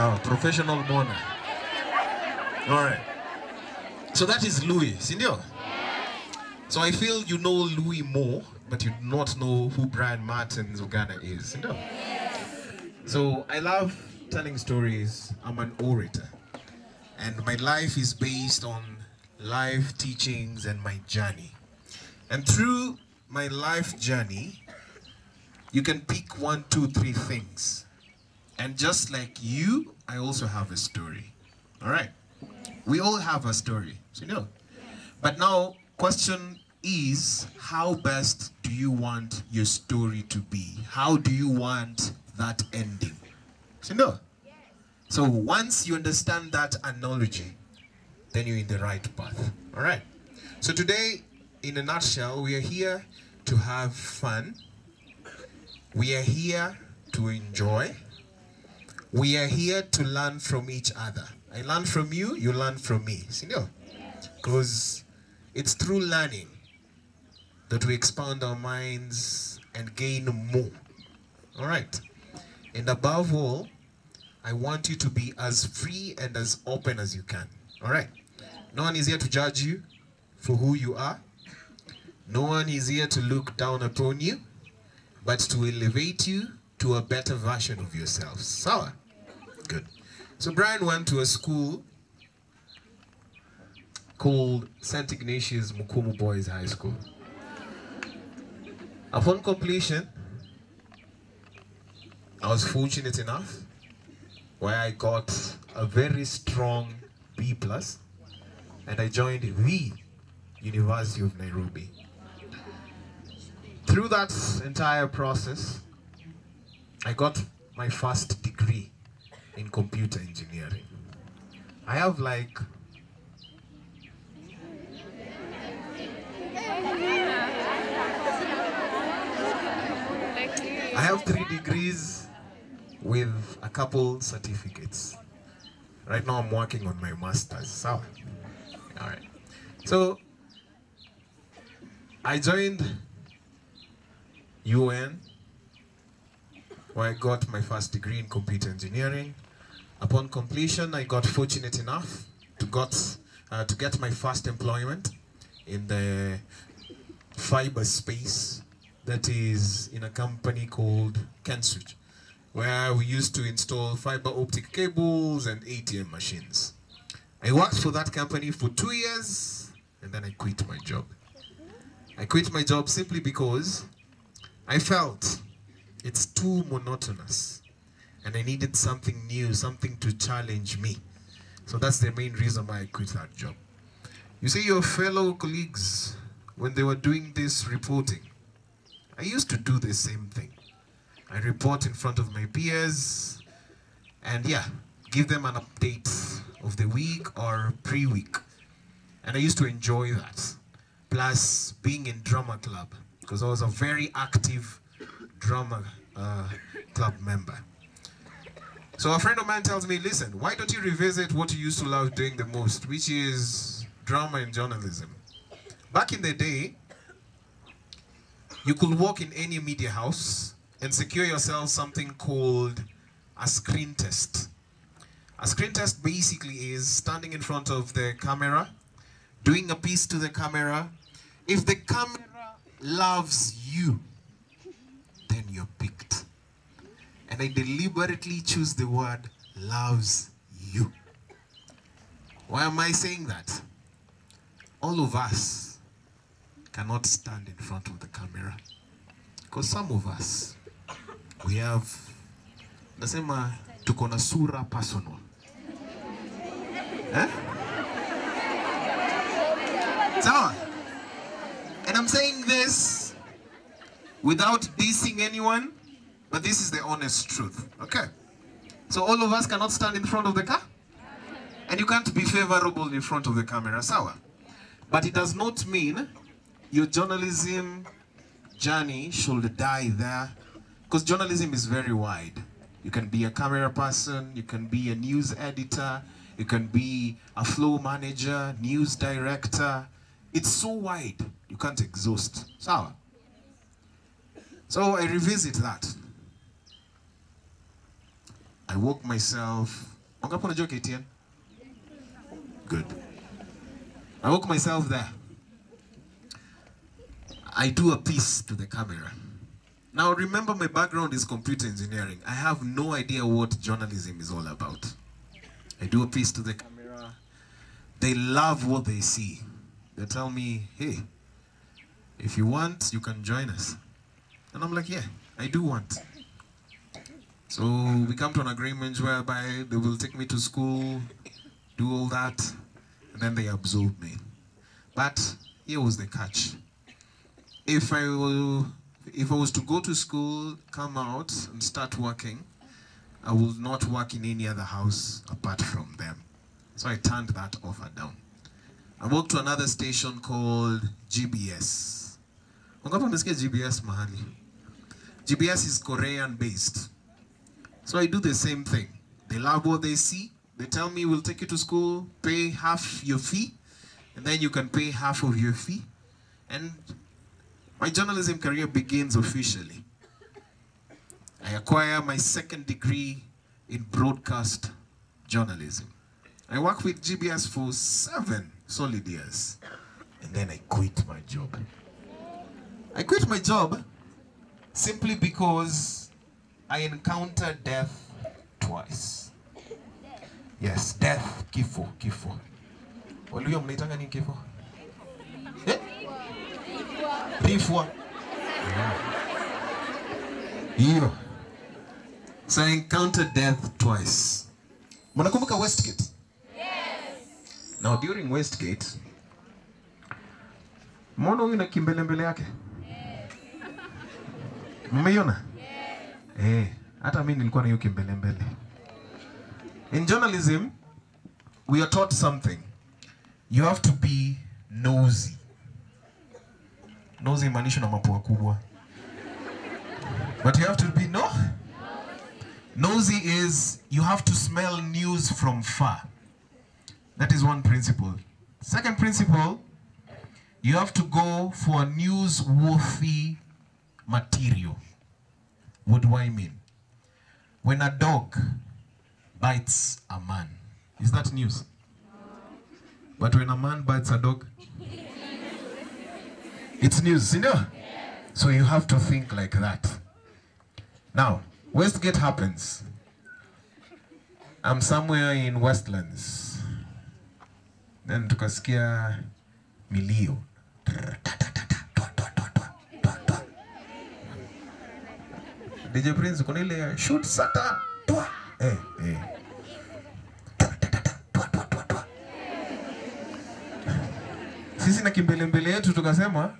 sawa professional mourner all right so that is louis sindio so i feel you know louis more but you do not know who brian martins uganda is sindio so i love telling stories i'm an orator and my life is based on life teachings and my journey and through my life journey you can pick one two three things and just like you, I also have a story. All right. We all have a story, so you know. But now, question is, how best do you want your story to be? How do you want that ending? So you know. So once you understand that analogy, then you're in the right path. All right. So today, in a nutshell, we are here to have fun. We are here to enjoy. We are here to learn from each other. I learn from you, you learn from me. Senor. Because it's through learning that we expand our minds and gain more. All right. And above all, I want you to be as free and as open as you can. All right. No one is here to judge you for who you are. No one is here to look down upon you, but to elevate you to a better version of yourself. Sawa? So, good. So Brian went to a school called St. Ignatius Mukumu Boys High School. Upon completion, I was fortunate enough where I got a very strong B plus and I joined the University of Nairobi. Through that entire process, I got my first degree in computer engineering. I have like I have three degrees with a couple certificates. Right now I'm working on my master's. So, all right. So I joined UN where I got my first degree in computer engineering. Upon completion, I got fortunate enough to got uh, to get my first employment in the fiber space that is in a company called Kenswitch, where we used to install fiber optic cables and ATM machines. I worked for that company for two years and then I quit my job. I quit my job simply because I felt it's too monotonous and I needed something new, something to challenge me. So that's the main reason why I quit that job. You see, your fellow colleagues, when they were doing this reporting, I used to do the same thing. I report in front of my peers and yeah, give them an update of the week or pre-week. And I used to enjoy that. Plus being in drama club because I was a very active drama uh, club member. So a friend of mine tells me, listen, why don't you revisit what you used to love doing the most, which is drama and journalism? Back in the day, you could walk in any media house and secure yourself something called a screen test. A screen test basically is standing in front of the camera, doing a piece to the camera. If the camera loves you, then you're big. And I deliberately choose the word loves you. Why am I saying that? All of us cannot stand in front of the camera. Because some of us, we have, nasema, same to sura personal. Eh? Sawa? And I'm saying this without dissing anyone, but this is the honest truth. Okay. So all of us cannot stand in front of the car? And you can't be favorable in front of the camera, sawa? But it does not mean your journalism journey should die there. Because journalism is very wide. You can be a camera person, you can be a news editor, you can be a flow manager, news director. It's so wide, you can't exhaust. Sawa? So I revisit that. I woke myself. I'm gonna put a joke, Etienne. Good. I woke myself there. I do a piece to the camera. Now remember my background is computer engineering. I have no idea what journalism is all about. I do a piece to the camera. They love what they see. They tell me, hey, if you want, you can join us. And I'm like, yeah, I do want. So we come to an agreement whereby they will take me to school, do all that, and then they absorb me. But here was the catch. If I will, if I was to go to school, come out and start working, I would not work in any other house apart from them. So I turned that offer down. I walked to another station called GBS. GBS Mahali. GBS is Korean based. So I do the same thing. They love what they see. They tell me, we'll take you to school, pay half your fee, and then you can pay half of your fee. And my journalism career begins officially. I acquire my second degree in broadcast journalism. I work with GBS for seven solid years. And then I quit my job. I quit my job simply because I encountered death twice. Yes, death, kifo, kifo. Walio mnaitanga ni kifo? Kifo. Eh? Rifwa. Hiyo. So I encountered death twice. Mnakumbuka Westgate? Yes. Now during Westgate, mwana huyu na kimbele mbele yake. Yes. Mmeiona? Eh, hata mimi nilikuwa na hiyo mbele In journalism, we are taught something. You have to be nosy. Nosy maanisha na mapua kubwa. But you have to be no? Nosy is you have to smell news from far. That is one principle. Second principle, you have to go for newsworthy material. What do I mean? When a dog bites a man, is that news? But when a man bites a dog, it's news, you know? So you have to think like that. Now, Westgate happens. I'm somewhere in Westlands. Then tukasikia milio. Trrr. DJ Prince kuna ile shoot sata twa eh eh sisi na kimbele mbele yetu tukasema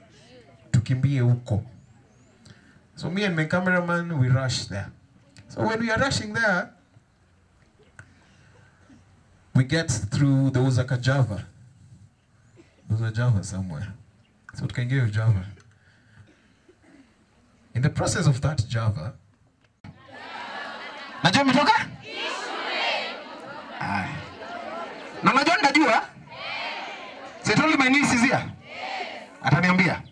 tukimbie huko. So me and my cameraman we rush there. So when we are rushing there we get through the was Java. There was Java somewhere. So tukaingia Java. In the process of that Java, Najua umetoka? Haya. Na najua nikajua? Yes. So told my niece is here. Yes. Ataniambia.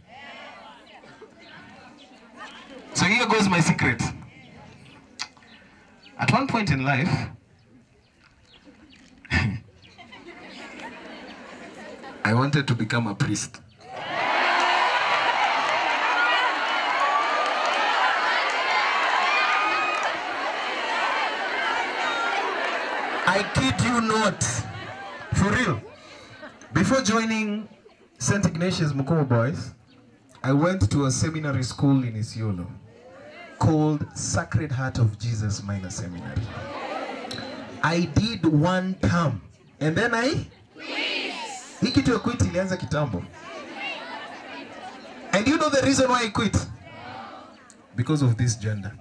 So here goes my secret. At one point in life, <laughs> I wanted to become a priest. I kid you not. For real. Before joining St. Ignatius Mukuru Boys, I went to a seminary school in Isiolo called Sacred Heart of Jesus Minor Seminary. I did one term and then I hii kitu ya quit ilianza kitambo. And you know the reason why I quit? Because of this gender.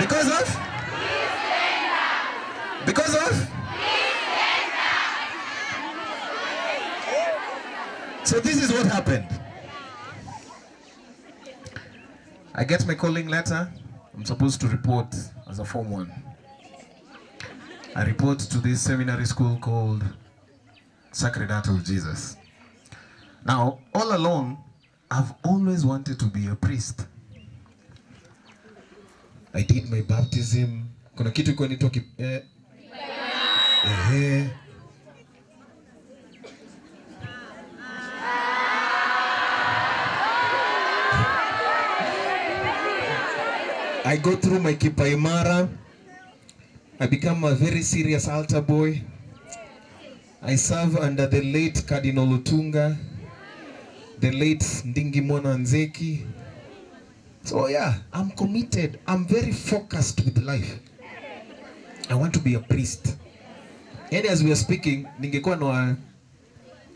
Because of? Because of? So this is what happened. I get my calling letter. I'm supposed to report as a Form 1. I report to this seminary school called Sacred Heart of Jesus. Now, all along, I've always wanted to be a priest. I did my baptism. Kuna kitu kwa nito ki... eh. Ehe. I go through my kipaimara. I become a very serious altar boy. I serve under the late Cardinal Lutunga, the late Ndingi Mwana Nzeki, So yeah, I'm committed. I'm very focused with life. I want to be a priest. And yaani, as we are speaking, ningekuwa na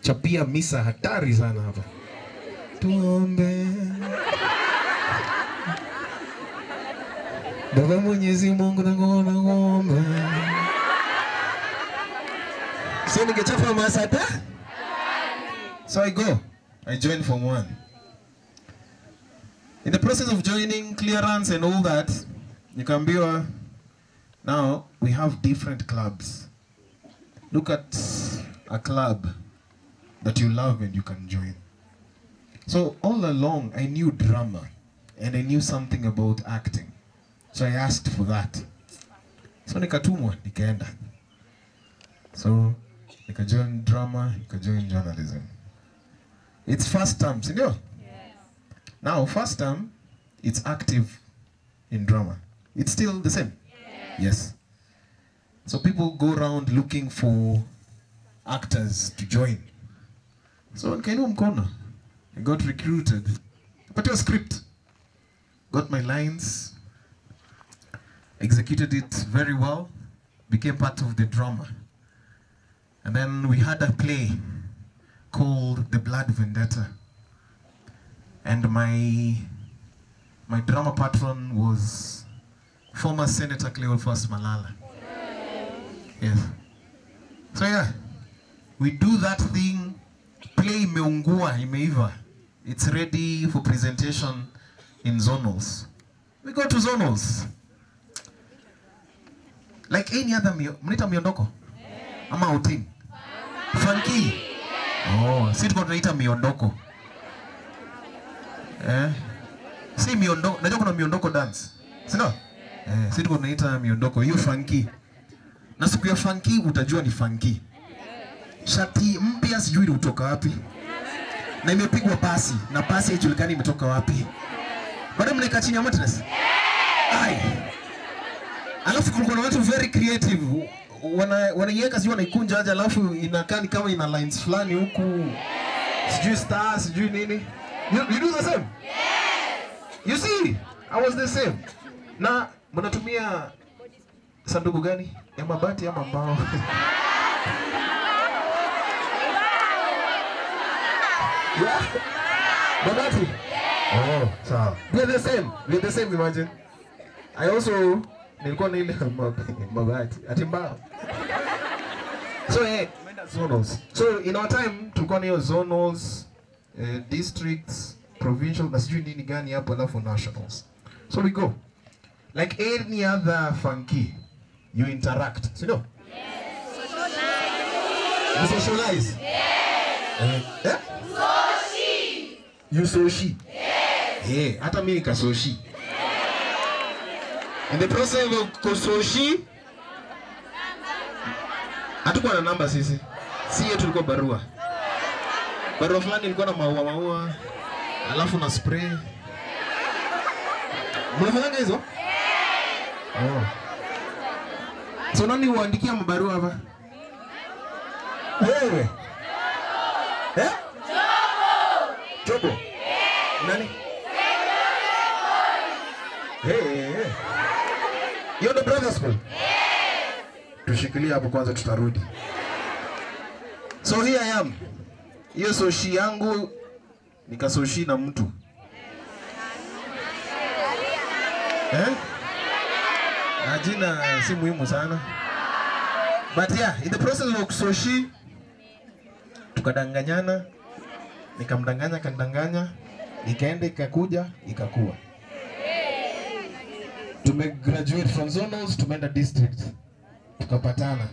chapia misa hatari sana hapa. Tuombe. Baba Mwenyezi Mungu nakuomba nakuomba. So ningechafa masata? So I go. I join from one. In the process of joining clearance and all that, you can nikaambiwa now we have different clubs. Look at a club that you love and you can join. So all along I knew drama and I knew something about acting. So I asked for that. So nikatumwa, nikaenda. So join drama, join journalism. It's first time, senior. Now, first term, it's active in drama. It's still the same. Yes. yes. So people go around looking for actors to join. So in Kainu corner. I got recruited. But your script. Got my lines, executed it very well, became part of the drama. And then we had a play called The Blood Vendetta. and my my drama patron was former Senator Cleophas Malala. Yes. So yeah, we do that thing. Play imeungua, imeiva. It's ready for presentation in zonals. We go to zonals. Like any other mio, mnita miondoko? Ama outing? Funky? Oh, sit tuko tunaita miondoko eh, si miondoko. Najua kuna miondoko dance, si ndio? Eh, si tuko tunaita miondoko hiyo funky, na siku ya funky utajua ni funky. Shati mpya sijui kutoka wapi na imepigwa pasi na pasi haijulikani imetoka wapi. Bado mnaika chini ya mattress? Ai. Alafu kulikuwa na watu very creative wana wanaiweka sio wanaikunja aje, alafu inakaa kama ina lines fulani huku, sijui stars, sijui nini. You, you do the same? Yes. You see, I was the same. Na mnatumia sanduku gani? Ya mabati ama mbao? <laughs> yeah? Mabati? Oh, sawa. We are the same. We are the same, imagine. I also nilikuwa na ile <laughs> mabati ati mbao. So eh, hey, So in our time tulikuwa na hiyo zonals Eh, districts, provincial na sijui nini gani hapo, alafu nationals. So we go like any other funky, you interact, si ndio? Yes. You socialize. Yes. Eh? eh? Soshi. You soshi. Yes. Yeah, hata mimi nikasoshi. In the process of kusoshi hatukuwa na namba sisi, si yetu tulikuwa barua barua fulani ilikuwa na maua maua, alafu na spray. Mnafanyanga hizo? Oh. So nani huandikia mabarua hapa? Wewe. Eh? Jobo. Jobo. Nani? Hey, hey. You're the brother school? Yes. Tushikilie hapo kwanza tutarudi. So here I am hiyo soshi yangu nikasoshi na mtu eh? Na jina si muhimu sana but yeah, in the process of soshi tukadanganyana, nikamdanganya kandanganya, ikaenda ikakuja ikakuwa tume graduate from zonals tumeenda district tukapatana.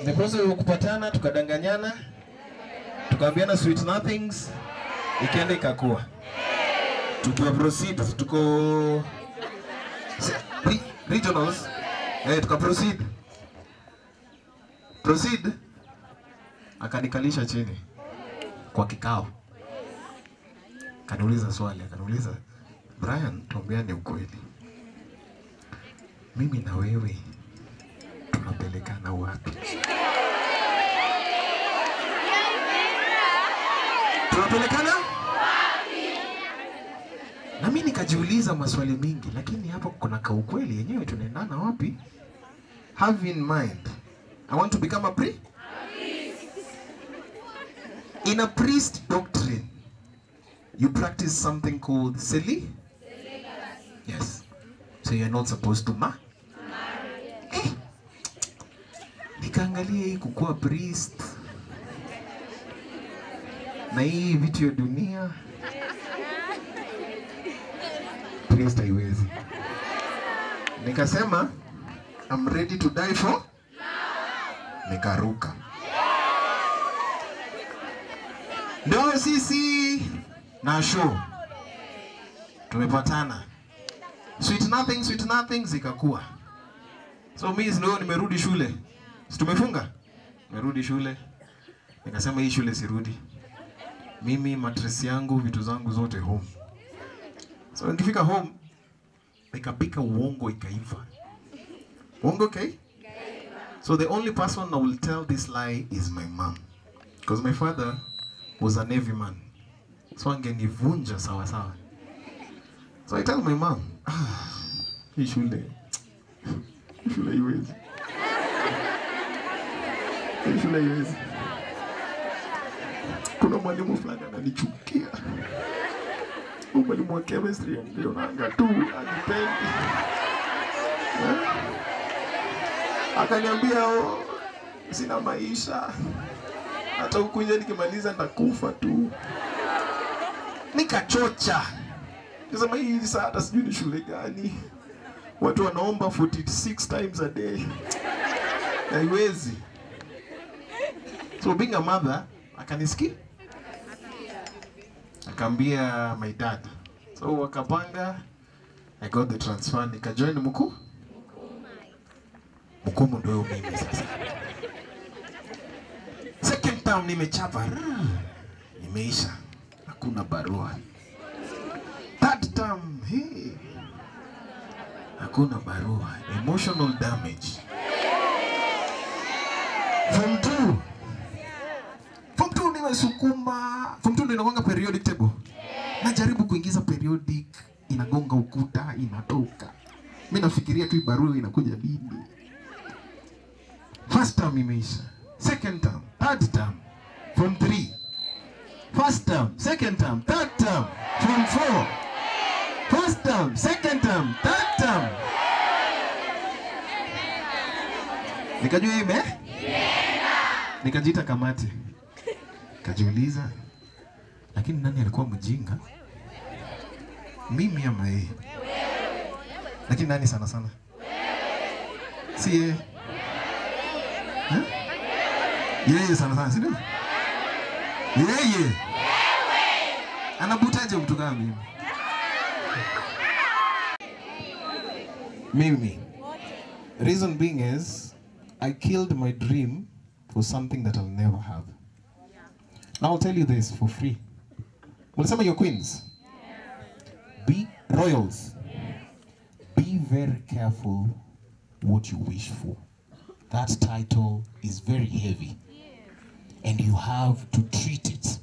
In the process of kupatana tukadanganyana tukaambiana sweet nothings, ikaenda ikakua. Tukiwa proceed tuko regionals eh, tuka proceed proceed, akanikalisha chini kwa kikao, kaniuliza swali, akaniuliza Brian, tuambiane ukweli, mimi na wewe tunapelekana wapi? tunapelekana na mimi nikajiuliza maswali mingi, lakini hapa kuna ka ukweli yenyewe, tunaendana wapi? Have in mind I want to become a priest. In a priest doctrine, you practice something called seli. Yes. So you're not supposed to ma. Eh. Nikaangalia hii kukuwa priest na hii vitu ya dunia priest haiwezi. Nikasema I'm ready to die for, nikaruka. Ndo sisi na show tumepatana, sweet nothing, sweet nothing zikakuwa. So mimi leo nimerudi shule, si tumefunga, nimerudi shule, nikasema hii shule sirudi mimi matresi yangu vitu zangu zote home. So nikifika home nikapika uongo ikaiva. Uongo okay? So the only person that will tell this lie is my mom. Because my father was a navy man. So angenivunja sawa sawa. So I tell my mom, ah, shule. shule iwezi. shule iwezi mwalimu fulani ananichukia mwalimu wa chemistry nilionanga tu anipendi. Eh? Akaniambia oh, sina maisha, hata huku nje nikimaliza nitakufa tu. Nikachocha, nikasema hii saa hata sijui ni shule gani, watu wanaomba 46 times a day, haiwezi. So being a mother, akanisikia Nikaambia my dad. So wakapanga I got the transfer nikajoin mkuu. Mkuu ndio mimi sasa. Second time nimechapa. Nimeisha. Hakuna barua. Third time he hakuna barua. Emotional damage. From two wewe sukuma, form 2 ndio inakuanga periodic table. Najaribu kuingiza periodic, inagonga ukuta, inatoka. Mimi nafikiria tu barua inakuja bibi. First term imeisha, second term, third term, form 3 first term, second term, third term, form four. First term, second term, third term. Nikajua ime? Nikajiita kamati. Kajiuliza, lakini nani alikuwa mjinga, mimi ama yeye? Lakini nani sana sana? Si yeye yeye sana sana, sindio? Yeye anabutaje mtu kama mimi? Mimi reason being is I killed my dream for something that I'll never have. Now I'll tell you this for free. some of your queens? Be royals. Be very careful what you wish for. That title is very heavy. And you have to treat it.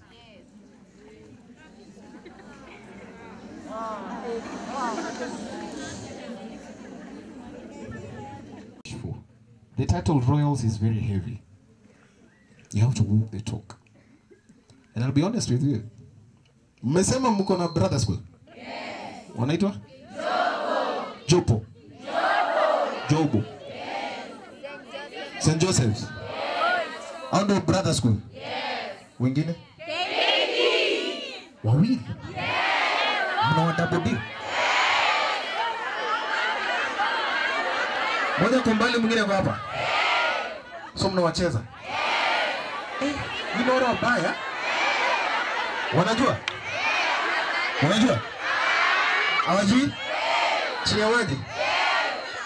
The title royals is very heavy. You have to walk the talk. And I'll be honest with you. Mmesema mko na brother school? Yes. Wanaitwa? Jopo. Jopo. Jopo. Jobo. Yes. St. Joseph's. Yes. Ando brother school? Yes. Wengine? Kennedy. Wawili. Yes. Mna double deal. Mmoja kwa mbali mwingine kwa hapa. Yes. So mnawacheza. Eh, ni bora wabaya. Wanajua? Wanajua? Hawajui? Chia wadi?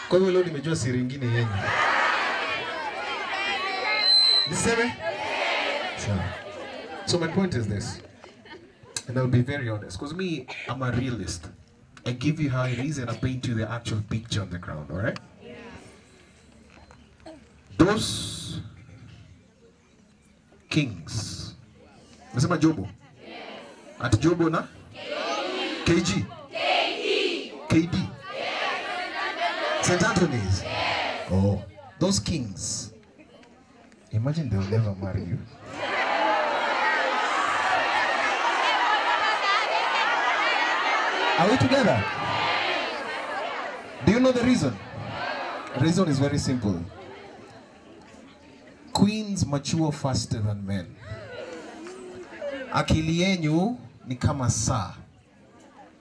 Kwa hiyo leo nimejua siri ingine yenyu. Niseme? Sawa. So my point is this, and I'll be very honest, because me, I'm a realist. I give you how it is and I paint you the actual picture on the ground, all right? Those kings. Nasema Jobo. At Jobo na KG? KD. KD. St. Anthony's? Oh, those kings. Imagine they'll never marry you. Are we together? Do you know the reason? The reason is very simple. Queens mature faster than men. Akili ni kama saa.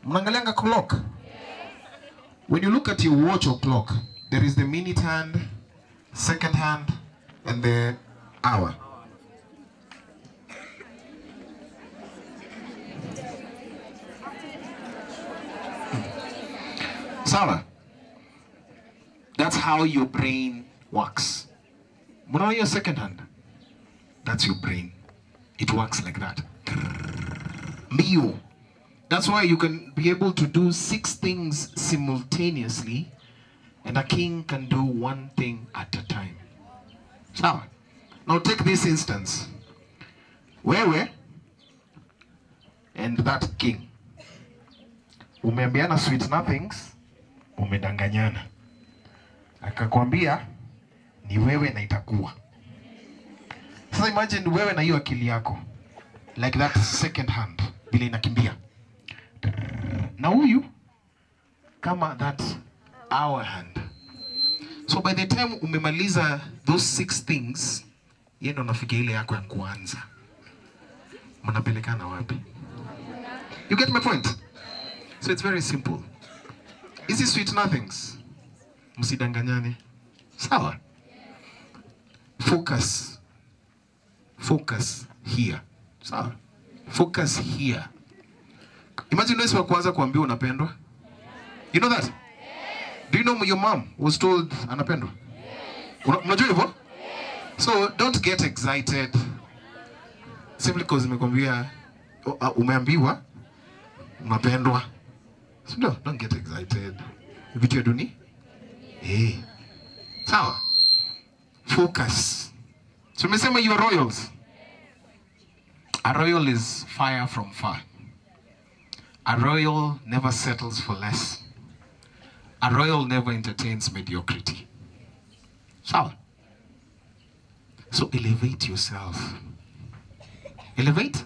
Mnaangalianga clock? When you look at your watch or clock, there is the minute hand, second hand, and the hour. Hmm. Sawa? That's how your brain works. are your second hand? That's your brain. It works like that. mbio. That's why you can be able to do six things simultaneously and a king can do one thing at a time. Sawa? Now take this instance. Wewe and that king. Umeambiana sweet nothings, umedanganyana. Akakwambia ni wewe na itakuwa. Sasa imagine wewe na hiyo akili yako like that second hand. Biblia inakimbia. Na huyu kama that hour hand. So by the time umemaliza those six things, yeye ndo anafikia ile yako ya kuanza. Mnapelekana wapi? You get my point? So it's very simple. Hizi sweet nothings, msidanganyane, sawa? Focus, focus here, sawa? Focus here. Imagine wewe wa kwanza kuambiwa unapendwa. You know that? Yes. Do you know your mom was told anapendwa? Yes. Unajua hivyo? Yes. So don't get excited. Simply because nimekwambia umeambiwa unapendwa. So no, don't get excited. Vitu ya dunia? Eh. Sawa? Focus. Tumesema so, you are royals. Arroyo is fire from far. Arroyo never settles for less. Arroyo never entertains mediocrity. So, So elevate yourself. Elevate?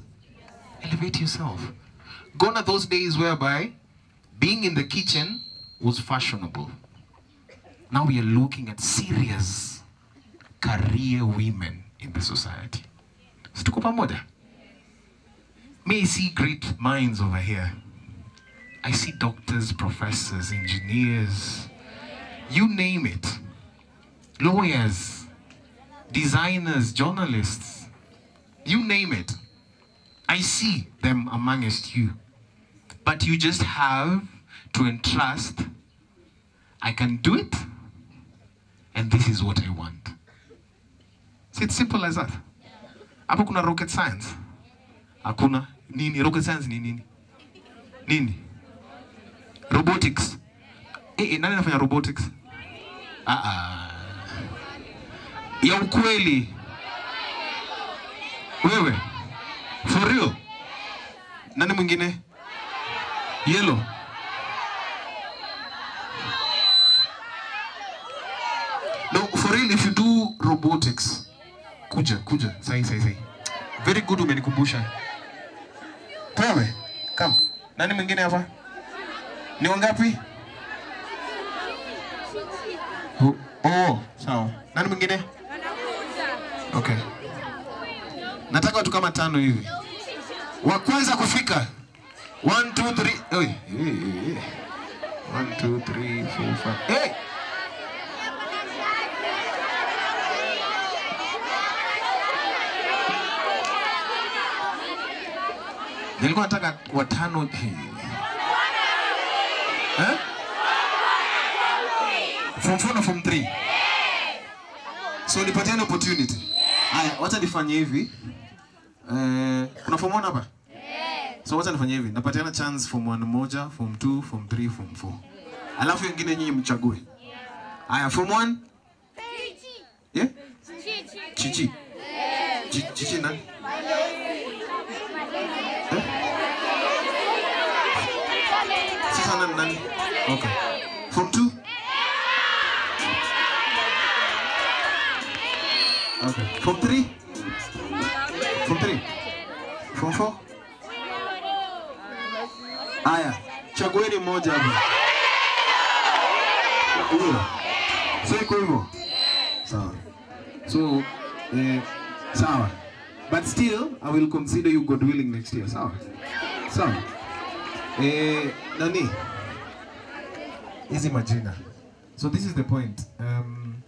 Elevate yourself. Gone are those days whereby being in the kitchen was fashionable. Now we are looking at serious career women in the society. Situko pamoja? May see great minds over here. I see doctors, professors, engineers, you name it. Lawyers, designers, journalists, you name it. I see them amongst you. But you just have to entrust, I can do it, and this is what I want. It's simple as that. Hapo kuna rocket science? Hakuna. nini? Rocket science ni nini? Nini? Robotics. Eh, eh, nani anafanya robotics? Ah, ah. Ya ukweli. Wewe. For real. Nani mwingine? Yellow. No, for real if you do robotics. Kuja, kuja. Sahi, sahi, sahi. Very good umenikumbusha. Wewe kama nani mwingine hapa? Ni wangapi? Oh, sawa. Nani mwingine? Okay. Nataka watu kama tano hivi. Wa kwanza kufika. 1 2 3. Oi. 1 2 3 4 5. Eh. nilikuwa nataka watano hii eh? from 4 na from 3 so nipatiane opportunity haya wacha nifanye hivi eh, kuna form 1 hapa so wacha nifanye hivi napatiana chance form 1 moja form 2 form 3 form 4 alafu wengine nyinyi mchague haya form 1 eh? chichi chichi chichi chichi nani même, nani? Ok. Pour tout. Ok. Pour tri. Pour tri. Pour fort. Aya, chagueni mmoja So iko hivyo. Sawa. So eh, sawa. But still I will consider you God willing next year. Sawa. Sawa. Eh, nani? Easy majina. So this is the point. Um,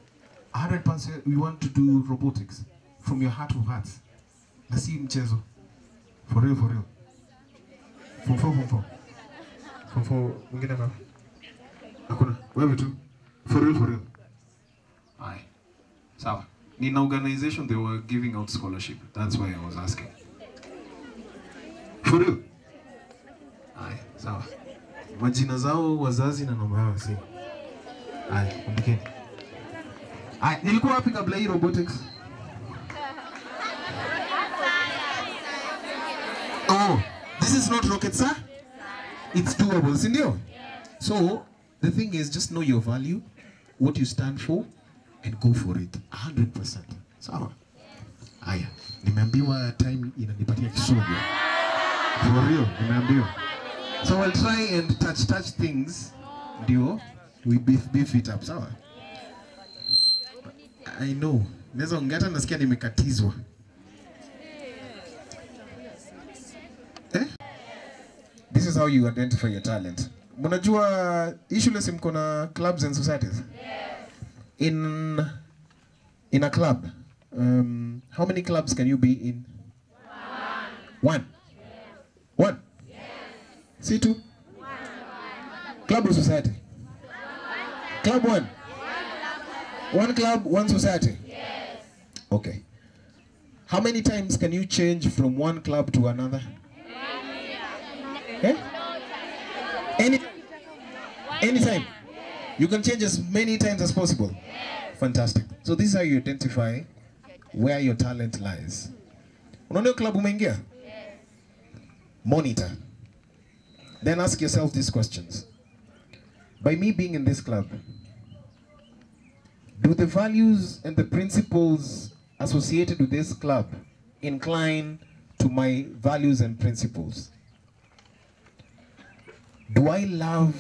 100 pounds we want to do robotics from your heart to heart. Na si mchezo. For real, for real. Form four, form four. Form 4, mwingine na. Hakuna. Wewe tu. For real, for real. Aye. Sawa. In organization they were giving out scholarship. That's why I was asking. For real. Haya, sawa. Majina zao, wazazi na namba yao si. Haya, kumbukeni. Haya, nilikuwa wapi kabla hii robotics? Oh, this is not rocket sir. It's doable, si ndio? So, the thing is just know your value, what you stand for and go for it 100%. Sawa? Haya, nimeambiwa time inanipatia kisogo. For real, nimeambiwa. So we'll try and touch touch things. Ndio. We beef beef it up, sawa? I know. Naweza ongea na nasikia nimekatizwa. Eh? This is how you identify your talent. Mnajua issue shule na clubs and societies? In in a club, um, how many clubs can you be in? One. One. One si two? Club or society? Club one? One club, one society? Okay. How many times can you change from one club to another? Eh? Any, anytime. You can change as many times as possible. Fantastic. So this is how you identify where your talent lies. Unaona club umeingia? Monitor. Then ask yourself these questions. By me being in this club, do the values and the principles associated with this club incline to my values and principles? Do I love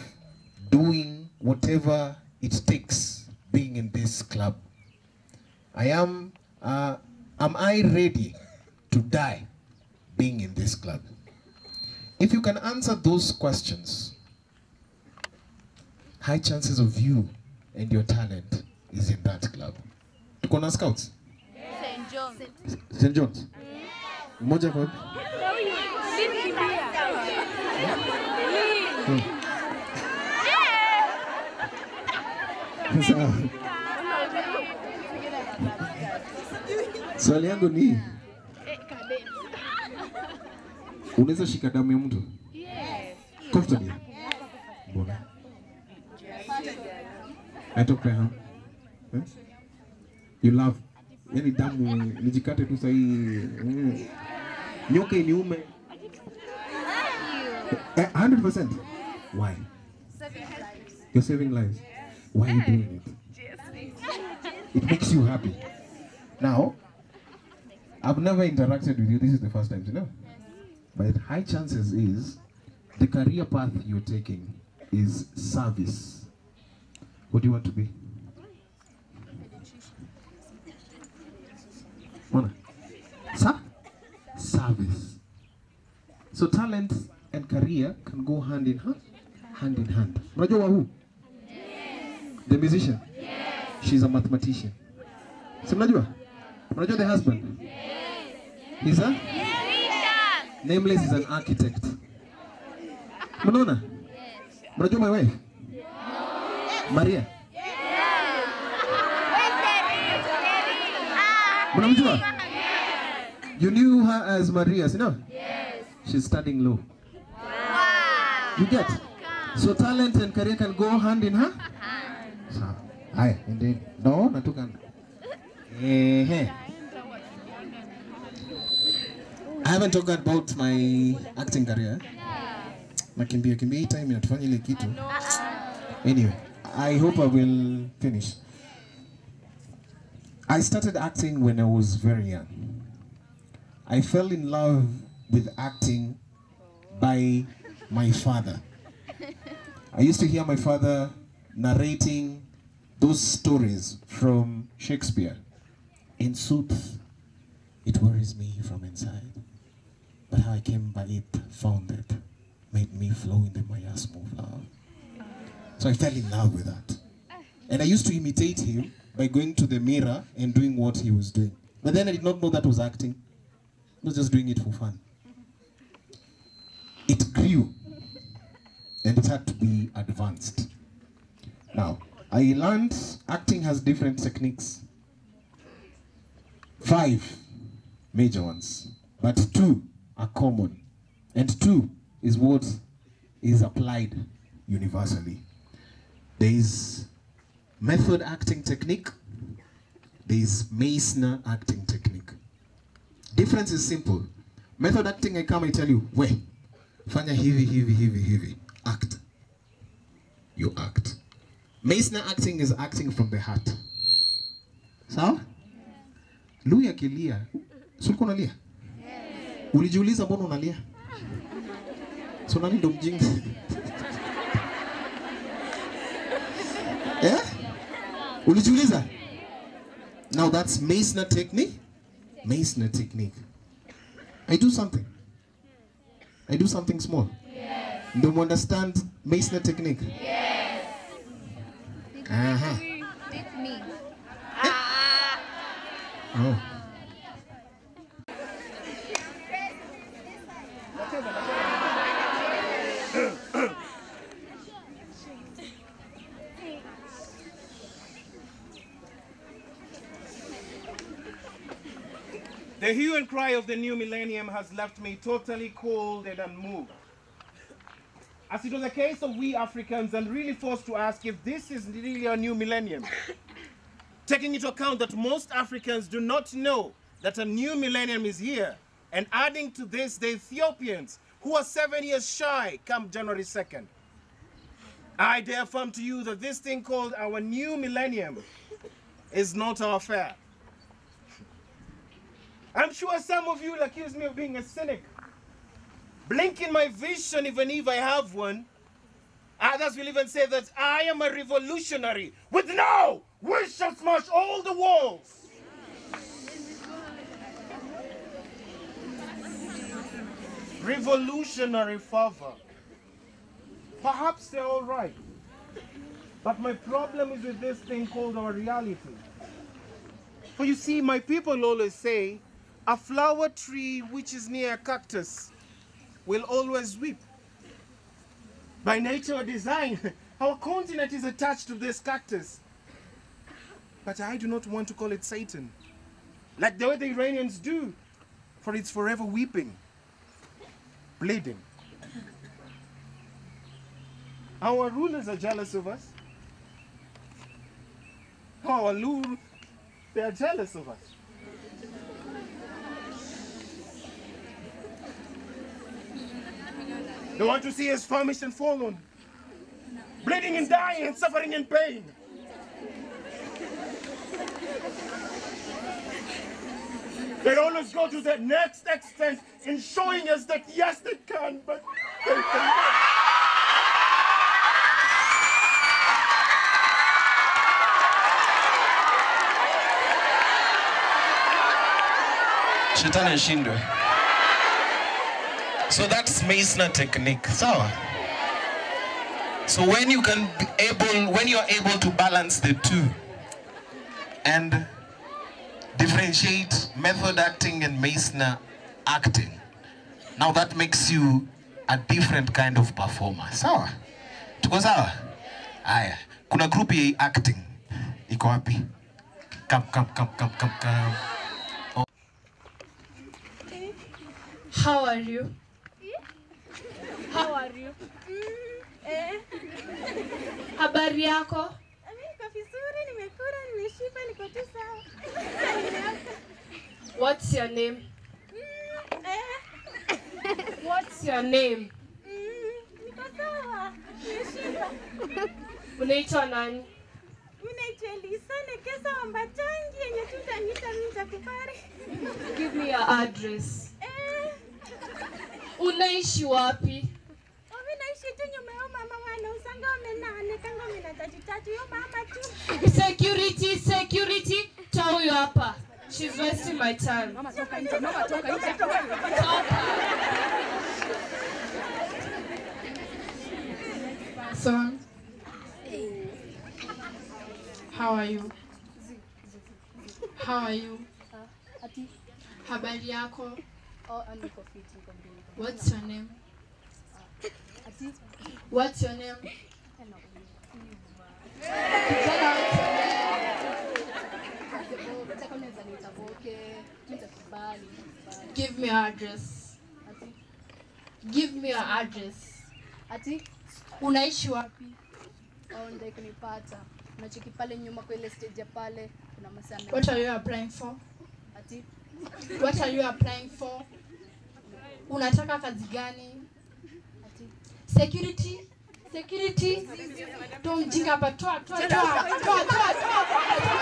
doing whatever it takes being in this club? I am, uh, am I ready to die being in this club? If you can answer those questions, high chances of you and your talent is in that club. Tuko na scouts? St. John's. St. John's? Mmoja kwa hmm. ah. Swali yangu ni Unaweza shika damu ya mtu? Yes. Comfortable. Mbona? Atoka hapo. You love. Yaani damu nijikate tu sahi. Mm. Nyoka iniume. 100%. Eh, Why? You're saving lives. Why are you doing it? It makes you happy. Now, I've never interacted with you. This is the first time, you know? But high chances is the career path you're taking is service. What do you want to be? Mona? Sir? Service. So talent and career can go hand in hand. Hand in hand. Unajua The musician? Yes. She's a mathematician. Si mnajua? Mnajua the husband? Yes. He's a? Yes. Nameless is an architect. Mnaona? Mnajua my wife? Maria? Ah. Mnamjua? You knew her as Maria, si no? Yes. She's studying law. Wow. You get? So talent and career can go hand in hand? Hand. Haya, endeni. Naona tu kana. Ehe. I haven't talked about my acting career. Makimbia kimbia time inatufanya ile kitu. Anyway, I hope I will finish. I started acting when I was very young. I fell in love with acting by my father. I used to hear my father narrating those stories from Shakespeare. In sooth, it worries me from inside that it, found it, made me flow in the miasma of love. Ah. So I fell in love with that. And I used to imitate him by going to the mirror and doing what he was doing. But then I did not know that was acting. I was just doing it for fun. It grew. And it had to be advanced. Now, I learned acting has different techniques. Five major ones. But two are common. And two is what is applied universally. There is method acting technique. There is Meissner acting technique. Difference is simple. Method acting, I come, I tell you, we, fanya hivi, hivi, hivi, hivi, act. You act. Meissner acting is acting from the heart. Sawa? Luya kilia, si unalia? Ulijiuliza mbona unalia? So nani ndo mjinga? eh? Ulijiuliza? Now that's Meissner technique. Meissner technique. I do something. I do something small. Yes. Do you understand Meissner technique? Yes. Aha. Uh That's me. Ah. Oh. The hue and cry of the new millennium has left me totally cold and unmoved. As it was a case of we Africans, and really forced to ask if this is really a new millennium. Taking into account that most Africans do not know that a new millennium is here, and adding to this, the Ethiopians, who are seven years shy come January 2nd. I dare affirm to you that this thing called our new millennium is not our fair. I'm sure some of you will accuse me of being a cynic. Blinking my vision, even if I have one, others will even say that I am a revolutionary with no, we shall smash all the walls. revolutionary fervor. Perhaps they're all right. But my problem is with this thing called our reality. For you see, my people always say, a flower tree which is near a cactus will always weep. By nature or design, <laughs> our continent is attached to this cactus. But I do not want to call it Satan, like the way the Iranians do, for it's forever weeping bleeding. Our rulers are jealous of us. Our rulers, they are jealous of us. They want to see us famished and fallen, bleeding and dying and suffering in pain. They always go to the next extent in showing us that yes, they can, but they cannot. shetani so that's meisner technique So, so when you can be able when you're able to balance the two and differentiate method acting and Meissner acting. Now that makes you a different kind of performer. Sawa? Tuko sawa? Aya. kuna group ya acting iko wapi? Kap, kap, kap, kap, kap, kap. Oh. How are you? How are you? Mm, eh. Habari yako? vizuri, nimekula, nimeshiba, niko tu sawa. <laughs> What's your name? Mm, eh. What's your name? Mm, niko sawa, nimeshiba. Unaitwa nani? Unaitwa Elisa Nekesa yenye tu utaniita mimi Give me your address. Eh. Unaishi wapi? Mimi oh, naishi tu nyuma ya mama Security, security, toa huyo hapa. She's wasting my time. Mama toka nje, mama toka nje. Toka. Son. How are you? How are you? Habari yako? Oh, What's your name? What's your name? Give me your address. Give me your address. Ati? Unaishi wapi? Au ndio kunipata. Unachiki pale nyuma kwa ile stage ya pale kuna masana. What are you applying for? Ati? What are you applying for? Unataka kazi gani? Security, security. Don't jinga but toa toa toa toa toa toa.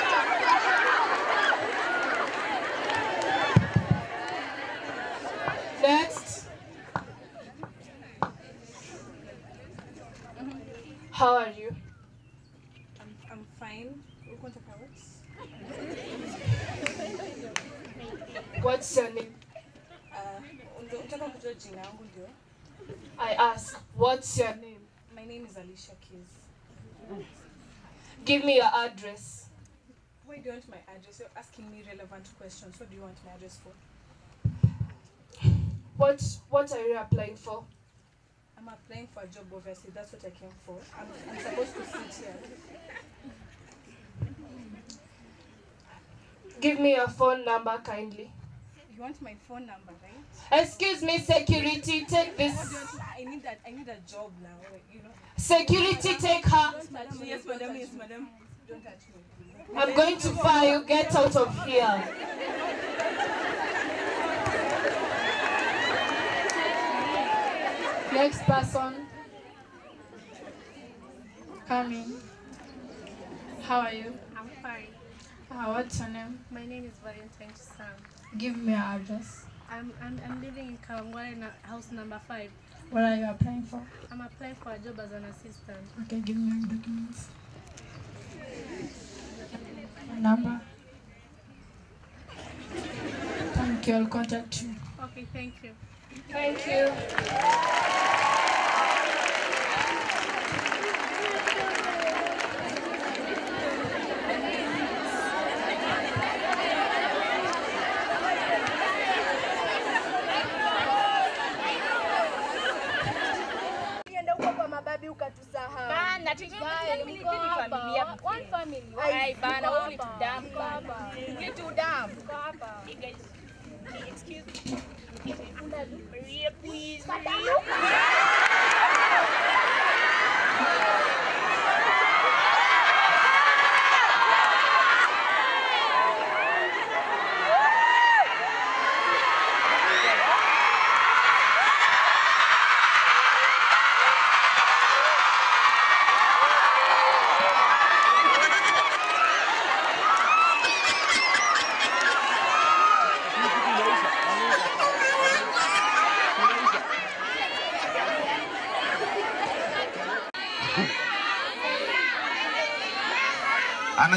Next. How are you? I'm, I'm fine. What's your name? Uh, unataka kujua jina yangu I ask, what's your name? My name is Alicia Keys. Give me your address. Why do you want my address? You're asking me relevant questions. What do you want my address for? What What are you applying for? I'm applying for a job, obviously. That's what I came for. I'm, I'm supposed to sit here. Give me your phone number, kindly. You want my phone number, right? Excuse me, security, take this. I need that. I need a job now. You know. Security, take her. Yes, madam. Yes, madam. Don't touch me. I'm going to fire you. Get out of here. Next person. Coming. How are you? I'm fine. Uh, what's your name? My name is Valentine Sam. Give me your address. I'm, I'm, I'm living in Kawangware, house number five. What are you applying for? I'm applying for a job as an assistant. Okay, give me your documents. number. Thank you, I'll contact you. Okay, thank you. Thank you.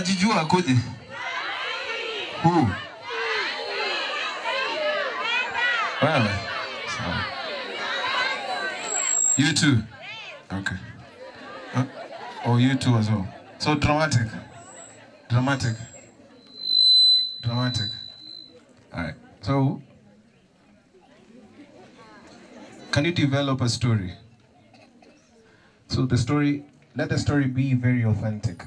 Ajiju Akode. Who? Well, sorry. You too? Okay. Huh? Oh, you too as well. So dramatic. Dramatic. Dramatic. Alright. So, can you develop a story? So the story, let the story be very authentic.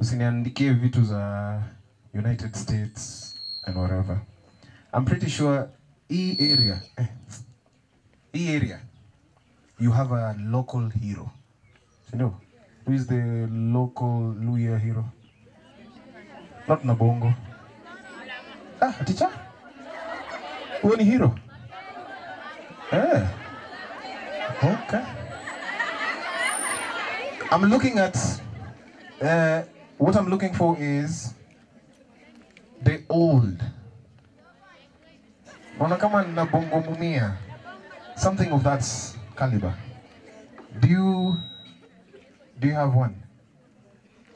usiniandikie vitu za United States and whatever. I'm pretty sure hii e area hii eh, e area you have a local hero. You know who is the local Luya hero? Not Nabongo. Ah, teacher. Huyo ni hero. Eh. Okay. I'm looking at uh, What I'm looking for is the old. Something of that caliber. Do you do you have one?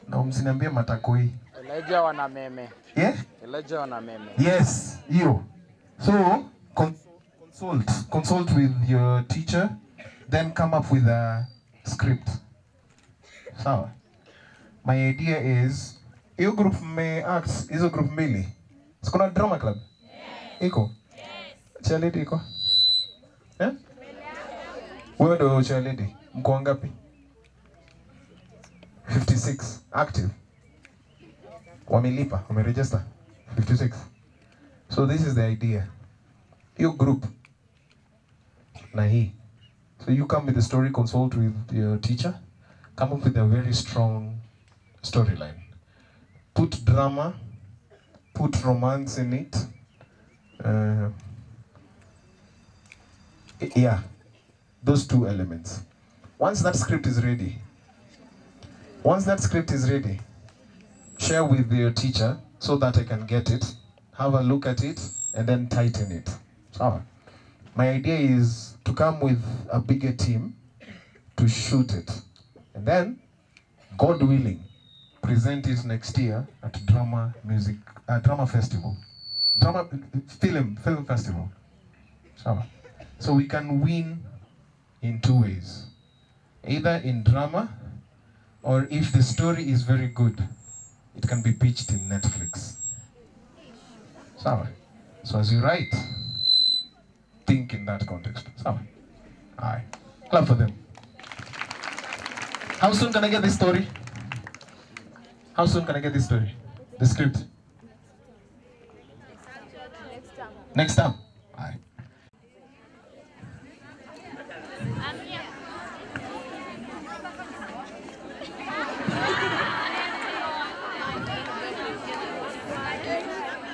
No, msiniambie matakoi. Elijah wana meme. Yeah? Elijah wana meme. Yes, you. So, con consult consult with your teacher then come up with a script. Sawa? my idea is hiyo group mmeact hizo group mbili sikuna drama club yes. iko yes. chalidi iko eh? wewe ndo chalidi mko ngapi 56 active wamelipa wameregister 56 so this is the idea hiyo group na hii so you come with the story consult with your teacher come up with a very strong storyline. Put drama, put romance in it. Uh, yeah, those two elements. Once that script is ready, once that script is ready, share with your teacher so that I can get it, have a look at it, and then tighten it. So, my idea is to come with a bigger team to shoot it. And then, God willing, present it next year at Drama Music uh, Drama Festival, Drama Film Film Festival. So we can win in two ways, either in drama, or if the story is very good, it can be pitched in Netflix. So as you write, think in that context. Sawa. Aye. Clap for them. How soon can I get this story? How soon can I get this story? The script? Next time.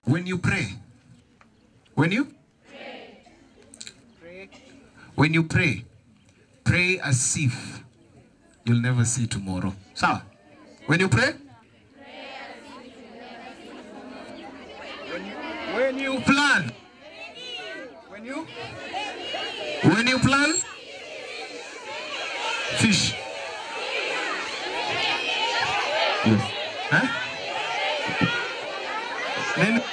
When you pray, when you pray. when you pray, pray as if you'll never see tomorrow. So, when you pray, when you plan. When you? When you plan? Fish. Yes. Huh? Then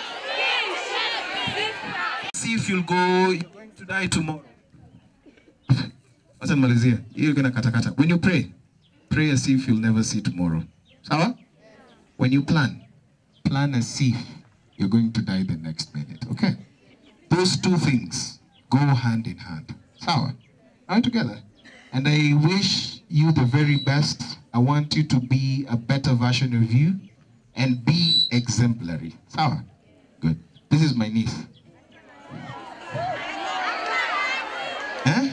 see if you'll go, you're going to die tomorrow. Wacha nimalizie. Hiyo kuna katakata. When you pray, pray as if you'll never see tomorrow. Sawa? When you plan, plan as if you're going to die the next minute. Okay? Those two things go hand in hand. Sour. Are we together? And I wish you the very best. I want you to be a better version of you and be exemplary. Sour. Good. This is my niece. Eh?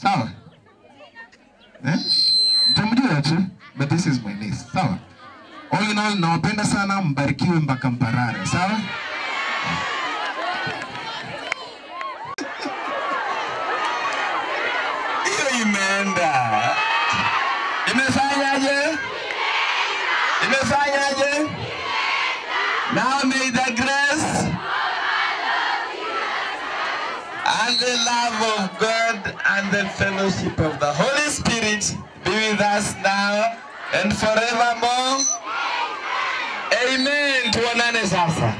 Sawa? Eh? Tamjua tu but this is my name. Sawa? All in all, nawapenda sana, mbarikiwe mpaka Mparare. Sawa? Hiyo imeenda. Imefanyaje? Imefanyaje? Now may the grace and the love of God and the fellowship of the Holy Spirit be with us now and forevermore. Amen. Tuonane sasa.